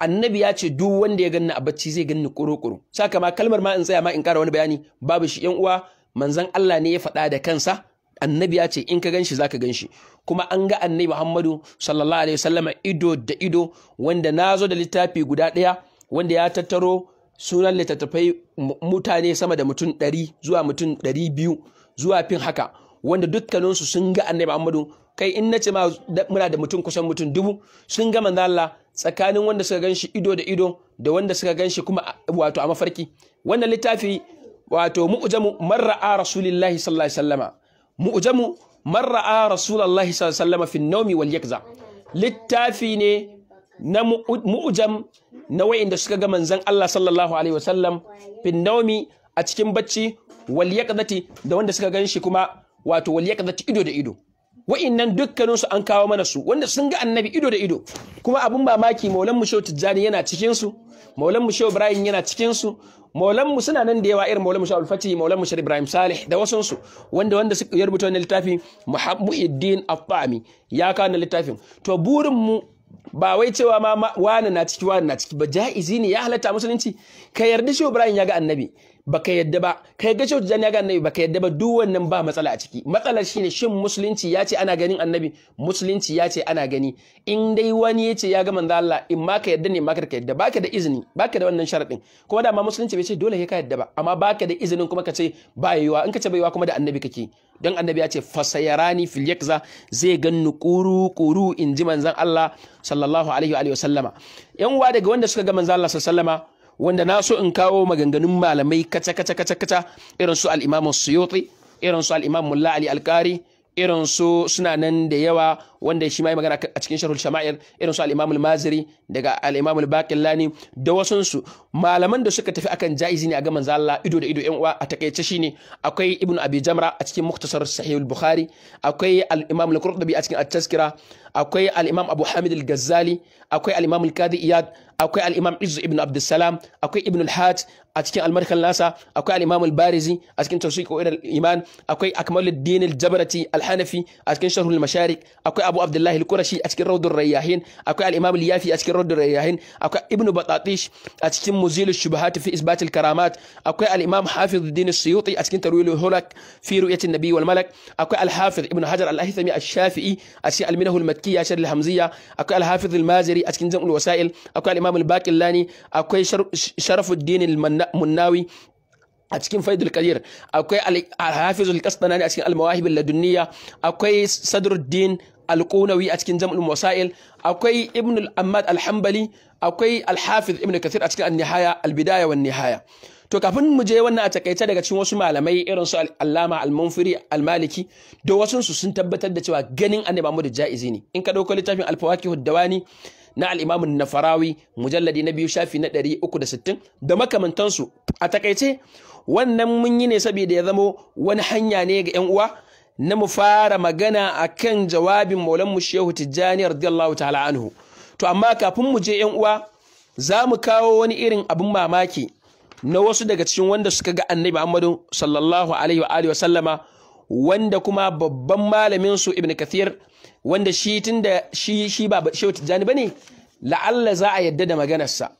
annabi ya ce duk wanda ya ganni a bacci zai ganni kurukuru saka ma kalmar ma in tsaya ma in kara wani bayani babu shi yan uwa manzon Allah ne ya faɗa da kansa annabi ya ce in ka ganshi zaka ganshi kuma an ga annabi Muhammadu sallallahu alaihi wasallama ido da ido wanda nazo da littafi guda ɗaya wanda ya tattaro sunan littattafai mutane sama da mutum ɗari zuwa mutum 200 biyu zuwa fin haka wanda dukkaninsu sun ga annabi Muhammadu kai in nace ma muna da mutum kusan mutum dubu sun ga manzo Allah tsakanin wanda suka ganshi ido da ido da wanda suka ganshi kuma wato a mafarki wannan littafi wato mu'jamu marra'a rasulillahi sallallahu alaihi wasallama mu'jamu marra'a rasulullahi sallallahu alaihi wasallama fi nawmi wal yakza littafi ne na mu'jam na wayanda suka ga manzon Allah sallallahu alaihi wasallam fi nawmi a cikin bacci wal yakzati da wanda suka ganshi kuma wato waliya kaza ido da ido wa'innan dukkanin su an kawo mana su wanda sun ga annabi ido da ido kuma abin mamaki maulan mu shehu tijjani yana cikin su maulan mu shehu ibrahim yana cikin su maulan mu suna nan da yawa irin maulan mu shehu alfati maulan mu shehu ibrahim salih da wasun su wanda wanda suka yi rubuta wannan littafin muhammuddin afami ya kawo wannan littafin to burin mu ba wai cewa ma wani na ciki wani na ciki ba ja'izi ne ya halatta musulunci ka yarda shehu ibrahim ya ga annabi baka yadda ba kai ga cewa ya ga annabi baka yadda ba duk wannan ba matsala a ciki matsalar shine shin musulunci ya ce ana ganin annabi musulunci ya ce ana gani in dai wani ya ce ya ga manzo Allah in ma ka yadda ne ma ka yadda baka da izini baka da wannan sharadin kuma da ma musulunci bai ce dole sai ka yadda ba amma baka da izinin kuma ka ce ba yiwa in ka ce ba yiwa kuma da annabi kake don annabi ya ce fasayarani fil yakza zai ga kuru kuru in ji manzon Allah sallallahu alaihi wa sallama yan uwa daga wanda suka ga manzo Allah sallallahu alaihi wa sallama wanda na so in kawo maganganun malamai kaca kaca kaca kaca irin su al'imamu suyoti irin su al'imamu la'ali Mulla irin su suna nan da yawa wanda shi mai magana a cikin sharhul shama'ir irin su al'imamu maziri daga al'imamu imamul baqillani da wasansu malaman da suka tafi akan jaizi ne a ga manzo ido da ido yan uwa a takaice shine akwai ibnu abi jamra a cikin muktasar sahih al-bukhari akwai al-imam al-qurtubi a cikin at-tazkira akwai al-imam abu hamid al-ghazali akwai al-imam al-qadi iyad akwai al-imam Izz ibn abdussalam akwai ibn al-hajj a cikin al-markal nasa akwai al-imam al-barizi a cikin tawsiq wa iman akwai akmaluddin al-jabrati al-hanafi a cikin sharh al-masharik akwai abu abdullah al-qurashi a cikin rawd al rayyahin akwai al-imam al-yafi a cikin rawd al rayyahin akwai ibn batatish a cikin muzil al-Shubahat fi isbat al-karamat akwai al-imam hafiz al-din al suyuti a cikin tarwil al-hulak fi ru'yat an-nabi wal malak akwai al-hafiz ibn hajar al-haythami al shafii a cikin al-minah al akwai al-hafiz al-maziri a cikin jam'ul wasail akwai al-imam al-baqillani akwai sharafuddin al-munnawi a cikin faidul kadir akwai al-hafizul a cikin al-mawahib al-ladunniya akwai sadruddin al-qunawi a cikin jam'ul wasail akwai ibn al-ammad al-hanbali akwai al-hafiz ibn kathir a cikin an-nihaya al-bidaya wan-nihaya to kafin mu je wannan a takaice daga cikin wasu malamai irin su Allama Al-Munfiri Al-Maliki da wasu su sun tabbatar da cewa ganin Annabi Muhammad jaizi ne in ka dauko littafin al ad Dawani na al-Imam Nafarawi mujalladi na biyu shafi na 360 da makamantansu a takaice wannan mun yi ne saboda ya zamo wani hanya ne ga 'yan uwa na mu fara magana akan jawabin mu Shehu Tijjani radiyallahu ta'ala anhu to amma kafin mu je 'yan uwa za mu kawo wani irin abin mamaki na wasu daga cikin wanda suka ga annabi Muhammadu sallallahu alaihi wa wa sallama wanda kuma babban malamin su Ibn Kathir wanda shi tunda shi shi ba Shehu Tijjani bane la'alla za a yadda da maganarsa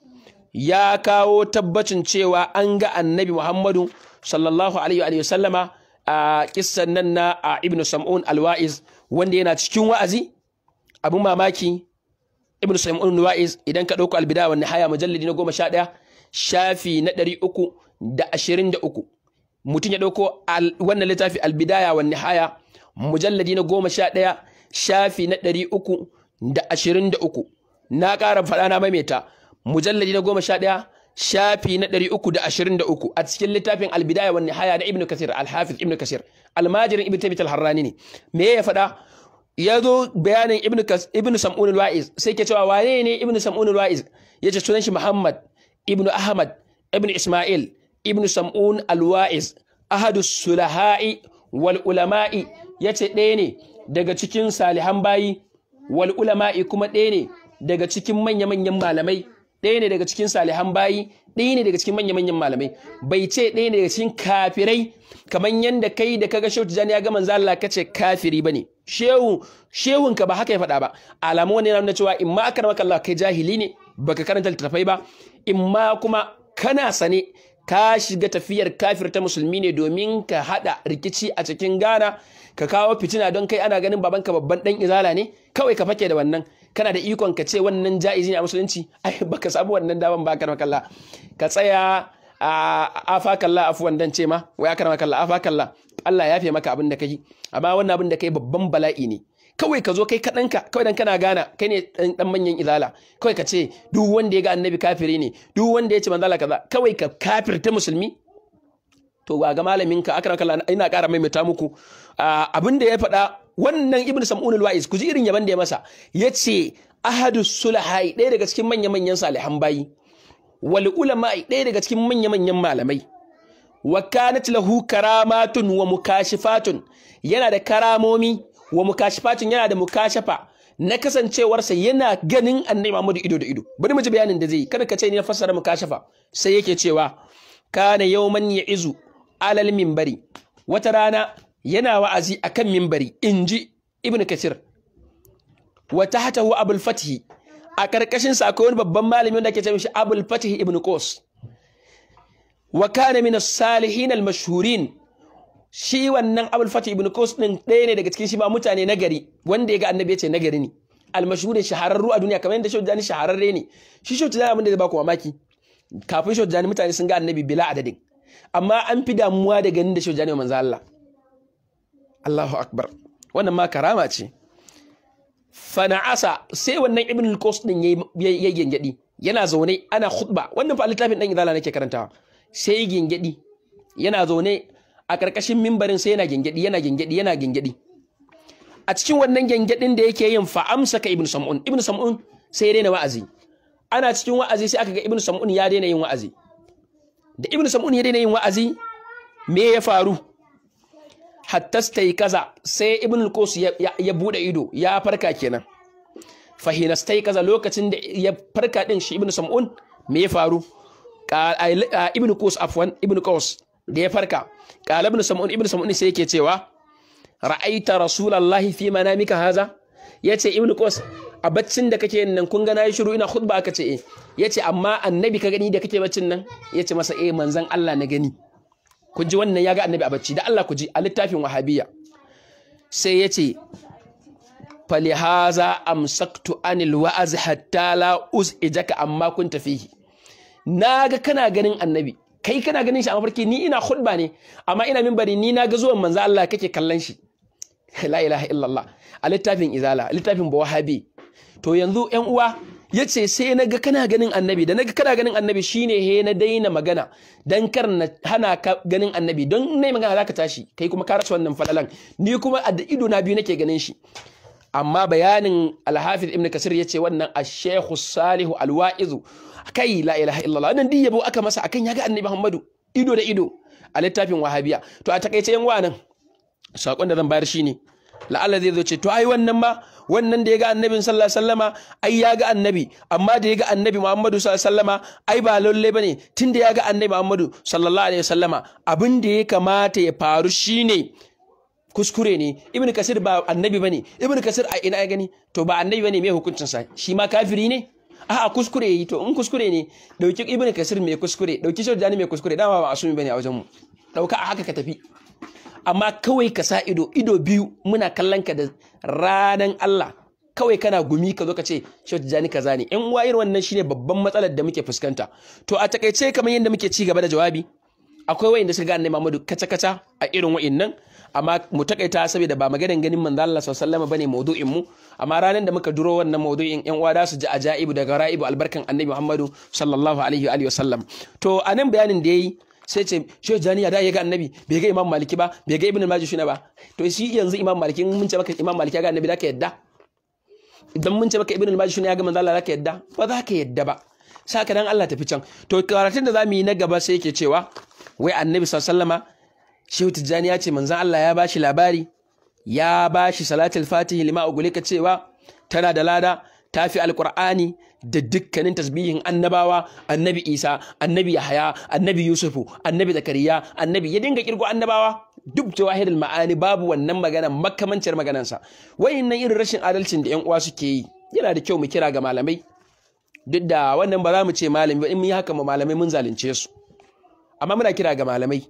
ya kawo tabbacin cewa an ga annabi Muhammadu sallallahu alaihi wa sallama a kissan nan na Ibn Sam'un al-Wa'iz wanda yana cikin wa'azi abun mamaki Ibn Sam'un al-Wa'iz idan ka dauko al-Bidaya wa Nihaya mujalladi na 11 shafi na ɗari uku da ashirin da uku mutum ya ɗauko wannan littafi albidaya wa nihaya mujalladi na goma sha ɗaya shafi na ɗari uku da ashirin da uku na ƙara faɗa na maimaita mujalladi na goma sha ɗaya shafi na ɗari uku da ashirin da uku a cikin littafin albidaya wa nihaya na ibnu kasir alhafiz ibnu kasir almajirin ibnu tabital harrani ne me ya faɗa ya zo bayanin ibnu sam'un al-wa'iz sai ke cewa wane ne ibnu sam'un al-wa'iz ce sunan shi muhammad ibnu ahmad ibnu isma'il ibnu sam'un al-wa'iz ahadu sulaha'i wal ulama'i yace ɗaya ne daga cikin salihan bayi wal ulama'i kuma ɗaya ne daga cikin manya-manyan malamai ɗaya ne daga cikin salihan bayi ɗaya ne daga cikin manya-manyan malamai bai ce ɗaya ne daga cikin kafirai kamar yadda kai da kaga shehu tijani ya ga manzo Allah ce kafiri bane shehu shehun ka ba haka ya faɗa ba alamu ne na cewa in ma aka maka Allah kai jahili ne baka karanta littattafai ba in ma kuma kana sane ka shiga tafiyar kafir ta musulmi ne domin ka hada rikici a cikin gana ka kawo fitina don kai ana ganin babanka babban dan izala ne kawai ka fake da wannan kana da ikon ka ce wannan ja'izi ne a musulunci ai baka samu wannan daman ba karma kalla ka tsaya a afa kalla afwan dan ce ma wai karma kalla afa kalla Allah ya fi maka abin da kai amma wannan abin da kai babban bala'i ne kawai ka zo kai kaɗanka kawai dan kana gana kai ne ɗan manyan izala kawai ka ce duk wanda ya ga annabi kafiri ne duk wanda ya ce manzala kaza kawai ka kafirta musulmi to ga ga malamin ka akara kala ina ƙara maimaita muku abin da ya faɗa wannan ibnu sam'un al-wa'iz ku ji irin yaban da ya masa yace ahadus sulahai ɗaya daga cikin manya manyan salihan bayi wal ulama ɗaya daga cikin manya manyan malamai wa kanat lahu karamatun wa mukashifatun yana da karamomi wa mukashifacin yana da mukashafa na kasancewarsa yana ganin annabi Muhammadu ido da ido bari mu ji bayanin da zai kada ka ce ni na fassara mukashafa sai yake cewa kana yawman izu, alal minbari wata rana yana wa'azi akan minbari inji ibnu kasir wa tahtahu abul fath a karkashin sa akwai wani babban malami wanda ake ce shi abul fath ibnu qos wa kana min as-salihin al-mashhurin shi wannan abul fati ibn qaus din ɗaya ne daga cikin shi ma mutane nagari wanda ya ga annabi ya ce nagari ne almashhurin shahararru a duniya kamar yadda shi jani shahararre ne shi shi jani abin da zai baku mamaki kafin shi jani mutane sun ga annabi bila adadin amma an fi damuwa da ganin da shi jani manzo Allah Allahu akbar wannan ma karama ce fana'asa sai wannan ibn al-qaus din ya gengedi yana zaune ana khutba wannan fa littafin dan idala nake karantawa sai gengedi yana zaune a ƙarƙashin mimbarin sai yana gyangyaɗi, yana gyangyaɗi, yana gyangyaɗi. a cikin wannan gyangyaɗin da yake yin fa'amsa ka ibn sam'un ibn sam'un sai ya daina wa'azi ana cikin wa'azi sai aka ga ibn sam'un ya daina yin wa'azi da ibn sam'un ya daina yin wa'azi me ya faru hatta stai kaza sai ibn al-qus ya bude ido ya farka kenan fahina stai kaza lokacin da ya farka din shi ibn sam'un me ya faru ibn qus afwan ibn qus da ya farka qala sam'un ibn sam'un sai yake cewa ra'aita rasulallahi fi mika haza Ya ce ibn Kos a baccin da kake nan kun gana ya shiru ina khutba aka ce eh ce amma annabi ka gani da kake baccin nan Ya ce masa eh manzon Allah na gani kun ji wannan ya ga annabi a bacci da Allah ku ji a littafin wahabiyya sai ya yace falihaza amsaktu anil wa'az hatta la ijaka amma kun tafihi Na ga kana ganin annabi kai kana ganin shi a mafarki ni ina khutba ne amma ina mimbari ni na ga zuwan manzo Allah kake kallon shi la ilaha illallah a littafin izala a littafin bawahabi to yanzu yan uwa yace sai na ga kana ganin annabi da na ga kana ganin annabi shine he na daina magana dan kar na hana ka ganin annabi don nai magana zaka tashi kai kuma ka rasa wannan falalan ni kuma a da ido na biyu nake ganin shi amma bayanin alhafiz ibn kasir yace wannan ash-shaykhu salihu al-wa'izu kai la ilaha illallah wannan din yabo aka masa akan yaga annabi Muhammadu ido da ido a littafin wahabiya to a takaice yan nan sakon da zan bayar shine la'alla zai zo ce to ai wannan ma wannan da ya ga sallallahu alaihi wasallama ai ya ga annabi amma da ya ga annabi Muhammadu sallallahu alaihi wasallama ai ba lalle bane tunda ya ga annabi Muhammadu sallallahu alaihi wasallama abin da ya kamata ya faru shine kuskure ne ibn kasir ba annabi bane ibn kasir a ina ya gani to ba annabi bane me hukuncin sa shi ma kafiri ne a'a kuskure yi to in kuskure ne dauki ibn kasir mai kuskure dauki Jani mai kuskure dama ba asumi bane a wajen mu dauka a haka ka tafi amma kawai ka sa ido ido biyu muna kallon ka da ranan Allah kawai kana gumi ka zo ka ce jani kaza ne in wayar wannan shine babban matsalar da muke fuskanta to a takaice kamar yadda muke ci gaba da jawabi akwai wayanda suka gane Muhammadu kaca kaca a irin wayannan amma mu takaita saboda ba maganar ganin manzo Allah sallallahu alaihi wasallam bane maudu'in mu amma ranar da muka duro wannan maudu'in yan uwa da su ji ajaibu daga ra'ibu albarkan annabi Muhammadu sallallahu alaihi wa sallam. To to anan bayanin da yayi sai ce shehu janiya da ya ga annabi bai ga imam maliki ba bai ga ibn majah shine ba to shi yanzu imam maliki mun ce maka imam maliki ya ga annabi da ka yadda idan mun ce maka ibn majah shine ya ga manzo Allah da ka yadda ba za ka yadda ba saka dan Allah tafi can to karatun da zamu yi na gaba sai yake cewa wai annabi sallallahu alaihi wasallama shehu tijjani ya ce manzo Allah ya bashi labari ya ba shi salatul fatihi lima ugulika cewa tana da lada ta fi alkur'ani da dukkanin tasbihin annabawa annabi isa annabi yahaya annabi yusufu annabi zakariya annabi ya dinga kirgo annabawa duk jawahirul ma'ani babu wannan magana makamancin maganansa wayannan irin rashin adalcin da yan uwa suke yi yana da kyau mu kira ga malamai duk da wannan ba za mu ce malami ba in mun yi haka ma malamai mun zalunce su amma muna kira ga malamai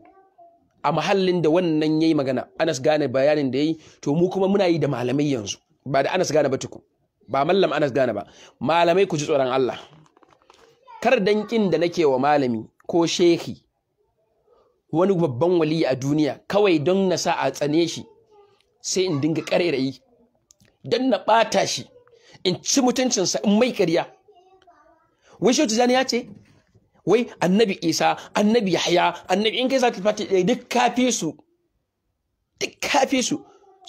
a mahallin da wannan ya yi magana Anas gane bayanin da ya yi, to mu kuma muna yi da malamai yanzu ba da Anas gane ba tuku ba mallam Anas gane ba malamai ku ji tsoron Allah kar dankin da nake wa malami ko shehi wani babban wali a duniya kawai don na sa a tsane shi sai in dinga ƙarairayi don na ɓata shi in ci mutuncinsa in mai ƙarya wai shi ya ce wai annabi isa annabi yahya annabi in kai ka fati duk kafi su duk kafi su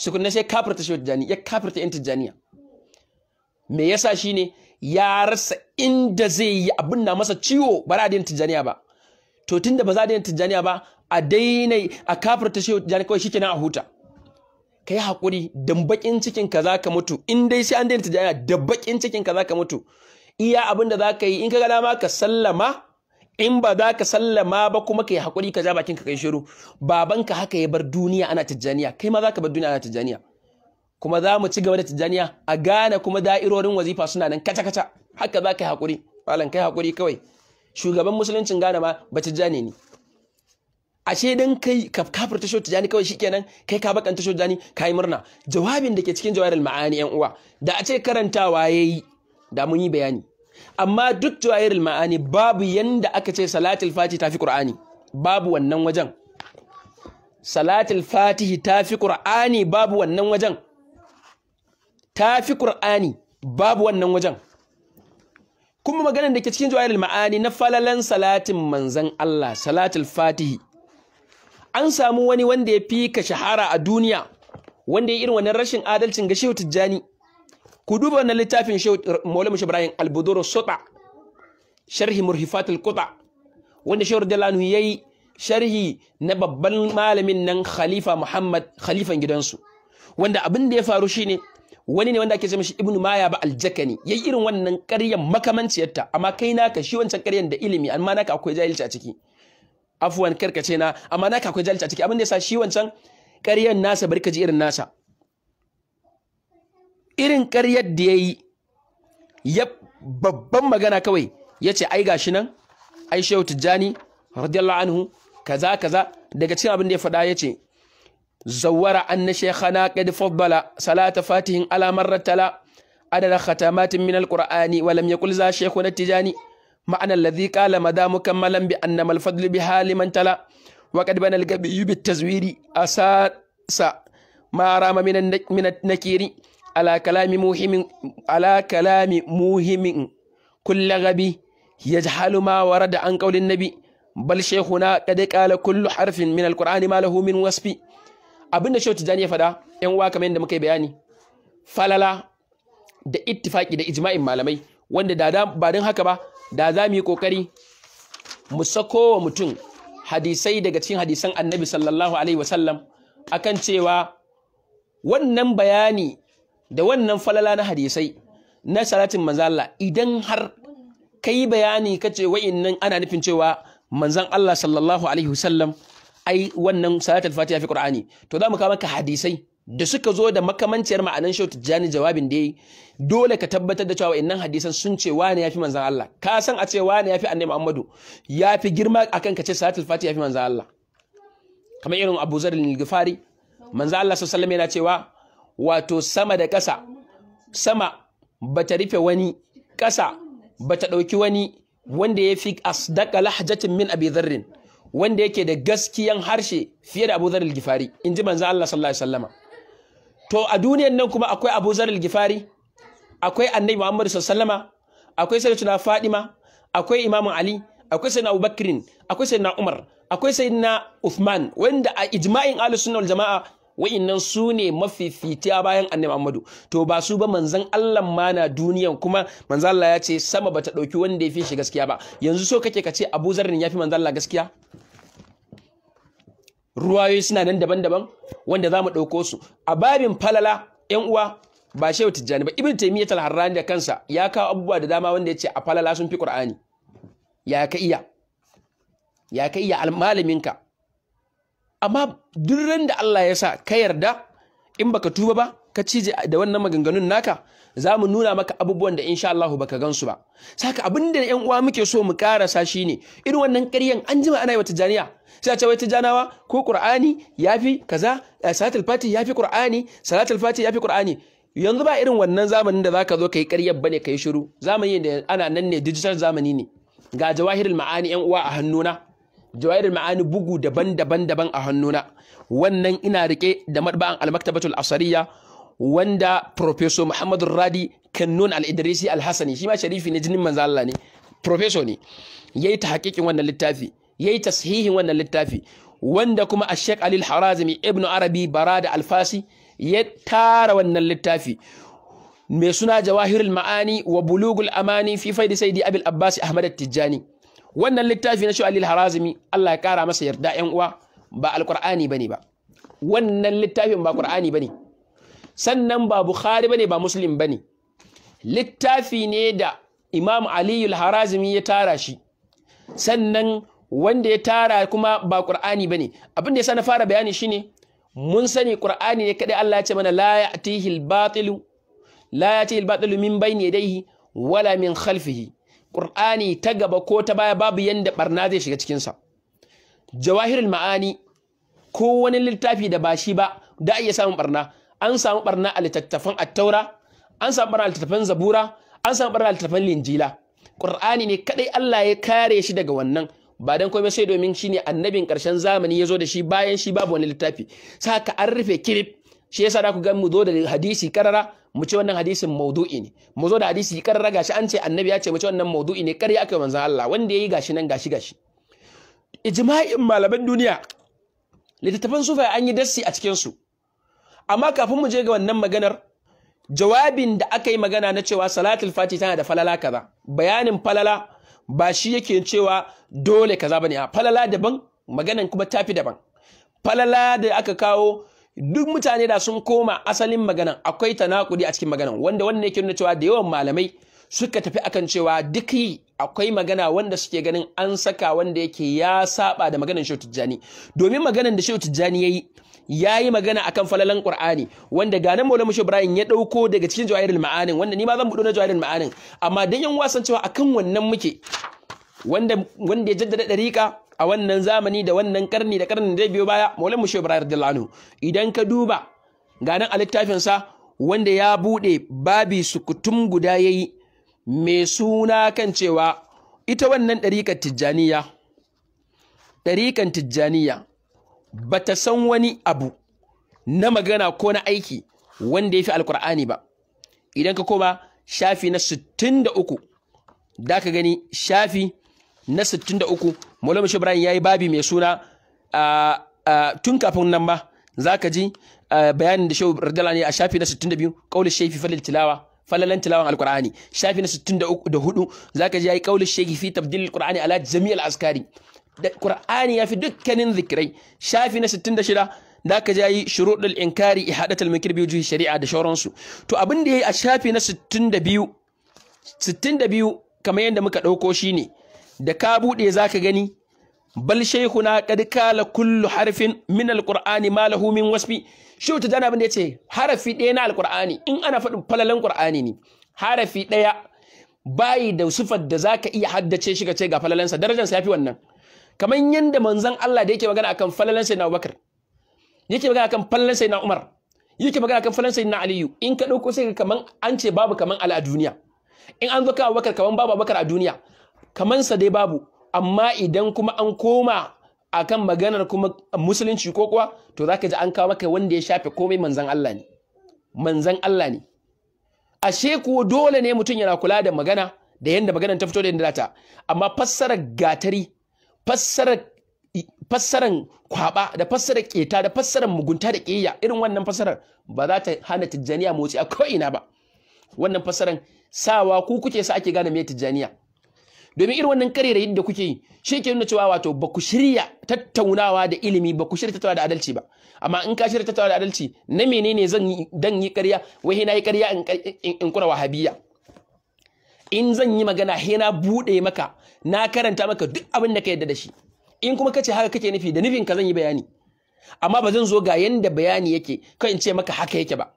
sukunna sai kafirta shi tijani ya kafirta yan tijaniya me yasa shine ya rasa inda zai yi abin na masa ciwo ba za a daina tijaniya ba to tunda ba za a daina tijaniya ba a daina a kafirta shi tijani kawai shikenan a huta kai hakuri da bakin cikin ka zaka mutu in dai sai an daina tijaniya da bakin cikin ka zaka mutu iya abin da zaka yi in ka ga dama ka sallama in ba za ka sallama ba kuma ka yi haƙuri ka ja bakin ka kai shiru babanka haka ya bar duniya ana tijjaniya kai ma za ka bar duniya ana tijjaniya kuma za mu ci gaba da tijjaniya a gane kuma da'irorin wazifa suna nan kaca-kaca haka za ka yi haƙuri malam kai haƙuri kawai shugaban musuluncin gane ma ba tijjani ne ashe dan kai ka kafir tasho tijjani kawai shikenan kai ka bakan tasho tijjani ka yi murna jawabin da ke cikin jawahirul ma'ani yan uwa da a ce karantawa yayi da mun yi bayani amma duk tuwayar ma'ani babu yanda aka ce salatul fati tafi qur'ani babu wannan wajen salatul fatihi tafi qur'ani babu wannan wajen tafi qur'ani babu wannan wajen kuma maganar da ke cikin jawahirul ma'ani na falalan salatin manzan Allah salatul fatihi an samu wani wanda ya fi ka shahara a duniya wanda ya irin wannan rashin adalcin ga Shehu Tijjani ku duba na littafin maulama shabrayin albudoro sota sharhi murhifatul kuta wanda shawar dalanu ya yi sharhi na babban malamin nan khalifa muhammad khalifan gidansu wanda abin da ya faru shine wani ne wanda ake ce shi Ibn maya ba aljakani yayi irin wannan ƙaryan makamanciyarta amma kai naka shi wancan ƙaryan da ilimi amma naka akwai jahilci a ciki afuwan karkace na amma naka akwai jahilci a ciki abin da yasa shi wancan ƙaryan nasa bari ka ji irin nasa irin ƙaryar da ya yi ya babban magana kawai ya ce ai gashi nan ai shehu tijjani radiyallahu anhu kaza kaza daga cikin abin da ya faɗa ya ce zawara anna shaykhana qad faddala salata fatihin alamar marratala adada khatamatin min alqur'ani wa lam yakul za shaykhuna Ma'anar ma'ana alladhi qala madamu kammalan bi anna mal bi bi haliman tala wa qad bana al bi tazwiri asasa ma rama min nakiri ala kalami muhimin ala kalami ya kullu gabi yajhalu ma an ƙaunin nabi bal shaykhuna qad qala kullu harfin min Alƙur'ani, ma lahu min wasfi abinda shehu tijani ya fada yan uwa kamar yadda muka yi bayani falala da ittifaki da ijma'in malamai wanda da ba don haka ba da za mu yi kokari mu sako wa mutum hadisai daga cikin hadisan annabi sallallahu alaihi wasallam akan cewa wannan bayani da wannan falala na hadisai na salatin manzala idan har ka yi bayani ka kace wa'innan ana nufin cewa manzan Allah sallallahu alaihi wasallam ai wannan salatin fatiha fi ƙura'ani. to za mu kawo maka hadisai da suka zo da makamanciyar ma'anan shautu Jani jawabin da yi dole ka tabbatar da cewa innan hadisan sun ce wane ya fi manzan Allah ka san a ce wane ya fi annai Muhammadu ya fi girma a kan ka ce salatin fatiha fi manzan Allah kamar irin Abu zarin al manzan Allah sallallahu alaihi wasallam yana cewa wato sama da ƙasa sama ba ta rufe wani ƙasa ba ta ɗauki wani wanda ya fi asdaka lahjatin min abi zarrin wanda yake da gaskiyan harshe fiye da Abu Dharr gifari, In ji manzan Allah sallallahu alaihi to a duniyan nan kuma akwai Abu Dharr gifari, akwai Annabi Muhammadu Sallama? akwai Sayyidatuna Fadima akwai Imam Ali akwai Sayyidina Abu akwai Sayyidina Umar akwai Sayyidina Uthman wanda a ijma'in Ahlus Jama'a wa'innan su ne mafifita bayan annabi Muhammadu to ba su ba manzan Allah ma na duniyan kuma manzan Allah ya ce sama bata dauki wanda ya fi shi gaskiya ba yanzu so kake kace ce Abu Zarrin ya fi manzan Allah gaskiya ruwayoyi suna nan daban-daban wanda za mu ɗauko su a babin falala 'yan uwa ba shehu tijjani ba ibn taymiyyah al-harrani da kansa ya kawo abubuwa da dama wanda ya ce a falala sun fi qur'ani ya ka iya ya ka iya malaminka amma duk ran da Allah ya sa ka yarda in baka tuba ba ka cije da wannan maganganun naka za mu nuna maka abubuwan da insha Allah baka gansu ba saka abin da ƴan uwa muke so mu karasa shine irin wannan ƙaryan an jima ana yi wa tijaniya sai a ce wai tijanawa ko qur'ani yafi kaza eh, salatul fati yafi qur'ani salatul fati yafi qur'ani yanzu ba irin wannan zamanin da zaka zo kai ƙaryar bane kai shiru zamani da ana nan ne digital zamani ne ga jawahirul ma'ani ƴan uwa a hannuna jawahir ma'ani bugu daban-daban daban a hannuna wannan ina rike da madba'an almaktabatul asariya wanda professor muhammadu radi kannun al-idrisi al shi ma sharifi ne jinin manzo Allah ne professor ne yayi ta haƙiƙin wannan littafi yayi tashihin wannan littafi wanda kuma a shek alil harazimi ibnu arabi barada alfasi ya tara wannan littafi mai suna jawahirul ma'ani wa bulugul amani fi faidi saidi abil Abbas ahmad tijjani wannan littafi na shu'alil harazimi Allah ya kara masa yarda yan uwa ba alqur'ani bane ba wannan littafin ba qur'ani bane sannan ba bukhari bane ba muslim bane littafi ne da imam aliyu harazimi ya tara shi sannan wanda ya tara kuma ba qur'ani bane abin da yasa na fara bayani shine mun sani qur'ani ne kadai Allah ya ce mana la ya'tihi al-batilu la ya'tihi al-batilu min bayni yadayhi wala min khalfihi Qur'ani ta gaba ko ta baya babu yadda barna zai shiga cikinsa jawahirul ma'ani ko wani littafi da ba shi ba da iya samun barna an samu barna a littattafan attaura an samu barna a littattafan zabura an samu barna a littattafan linjila Qur'ani ne kaɗai Allah ya kare shi daga wannan ba dan komai sai domin shine annabin karshen zamani ya zo da shi bayan shi babu wani littafi saka an rufe kirif shi yasa da ku ga mu zo da hadisi karara mu ce wannan hadisin maudu'i ne mu zo da hadisi karra gashi an ce annabi ya ce mu ce wannan maudu'i ne karya aka manzon Allah wanda yayi gashi nan gashi gashi ijma'in malaman duniya littattafan sufa an yi dassi a cikin su amma kafin mu je ga wannan maganar jawabin da aka yi magana na cewa salatul fati tana da falala kaza bayanin falala ba shi yake cewa dole kaza bane a falala daban maganan kuma tafi daban falala da aka kawo duk mutane da sun koma asalin maganan akwai tanakudi a cikin maganan wanda wannan yake nuna cewa da yawan malamai suka tafi akan cewa duk akwai magana wanda suke ganin an saka wanda yake ya saba da maganan Shehu Tijjani domin maganan da Shehu Tijjani yayi yayi magana akan falalan Qur'ani wanda ganin Maulana Shehu Ibrahim ya dauko daga cikin Jawahirul Ma'anin wanda ni ma zan budo na Jawahirul Ma'anin amma dan yan wasan cewa akan wannan muke wanda wanda ya jaddada dariqa a wannan zamani da wannan karni da karni da biyo baya maulin mushe ibrahim radiyallahu idan ka duba ga a littafinsa wanda ya bude babi sukutum guda ya yi, mai suna kan cewa ita wannan ɗarikar tijjaniya ɗarikan tijjaniya ba ta san wani abu na magana ko na aiki wanda ya fi alkur'ani ba idan ka koma shafi na 63 da ka gani shafi na 63 Maulana Shehu ya yayi babi mai suna tun kafin nan Za zaka ji bayanin da Shehu Radiyallahu a shafi na 62 qaulul shafi falil tilawa falalan tilawan alqur'ani shafi na 64 zaka ji yayi qaulul shaykhi fi tabdil alqur'ani ala jami'il askari qur'ani yafi dukkanin zikirai shafi na 66 da ka jayi shuruɗul inkari ihadatul munkir bi wujuhi shari'a da shauransu to abin da yayi a shafi na 62 62 kamar yadda muka ɗauko shi ne da ka buɗe za ka gani bal na qad kala kullu harfin min alqur'ani ma lahu min wasfi shi ta dana abin da yace harafi ɗaya na alqur'ani in ana faɗin falalan qur'ani ne harafi ɗaya bayi da sifar da zaka iya haddace shi ga ce ga falalansa darajarsa yafi wannan kaman yanda manzon Allah da yake magana akan falalan sayyidina Abubakar yake magana akan falalan sayyidina Umar yake magana akan falalan sayyidina Aliyu in ka dauko sai kaman an ce babu kaman ala a duniya in an zo kawo Abubakar kaman babu Abubakar a duniya kamansa dai babu amma idan kuma an koma akan maganar kuma musulunci ko kuwa to zaka ji an kawo maka wanda ya shafe komai manzan Allah ne manzan Allah ne ashe dole ne mutum yana kula da magana da yanda maganar ta fito da yanda ta amma fassarar gatari fassarar fassaran kwaba da fassarar keta da fassarar mugunta da kiyya irin wannan fassarar ba za ta hana tijjaniya motsi a ko'ina ba wannan fassarar sawa ku kuke sa ake gane me tijjaniya domin irin wannan kare da yadda kuke yi shi ke nuna cewa wato ba ku shirya tattaunawa da ilimi ba ku shirya tattaunawa da adalci ba amma in ka shirya tattaunawa da adalci na menene zan yi dan yi ƙarya wai hina yi ƙarya in kuna wahabiya in zan yi magana hina buɗe maka na karanta maka duk abin da ka yadda da shi in kuma kace haka kake nufi da nufin ka zan yi bayani amma ba zan zo ga yanda bayani yake kai in ce maka haka yake ba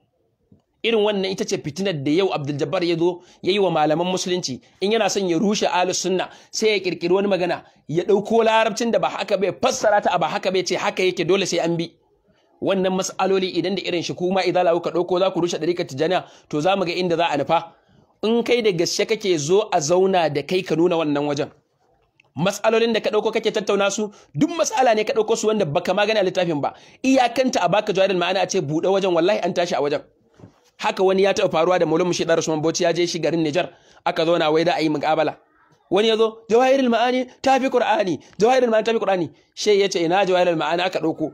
irin wannan ita ce fitinar da yau Abdul Jabbar ya zo ya yi wa malaman musulunci in yana son ya rushe ahlus sunna sai ya kirkiri wani magana ya ɗauko larabcin da ba haka bai fassara ta ba haka bai ce haka yake dole sai an bi wannan mas'aloli idan da irin shi kuma idan lawo ka ɗauko za ku rushe ɗarikar tijaniya to za mu ga inda za a nufa in kai da gaske kake zo a zauna da kai ka nuna wannan wajen mas'alolin da ka ɗauko kake tattauna su duk masala ne ka ɗauko su wanda baka magana littafin ba iyakanta a baka jawabin ma'ana a ce buɗe wajen wallahi an tashi a wajen haka wani ya taɓa faruwa da maulin mushidar Usman Bauchi ya je shi garin Nijar aka zauna wai da a yi muƙabala wani ya zo jawahirul ma'ani ta fi qur'ani jawahirul ma'ani ta fi qur'ani she ce ina jawahirul ma'ani aka dauko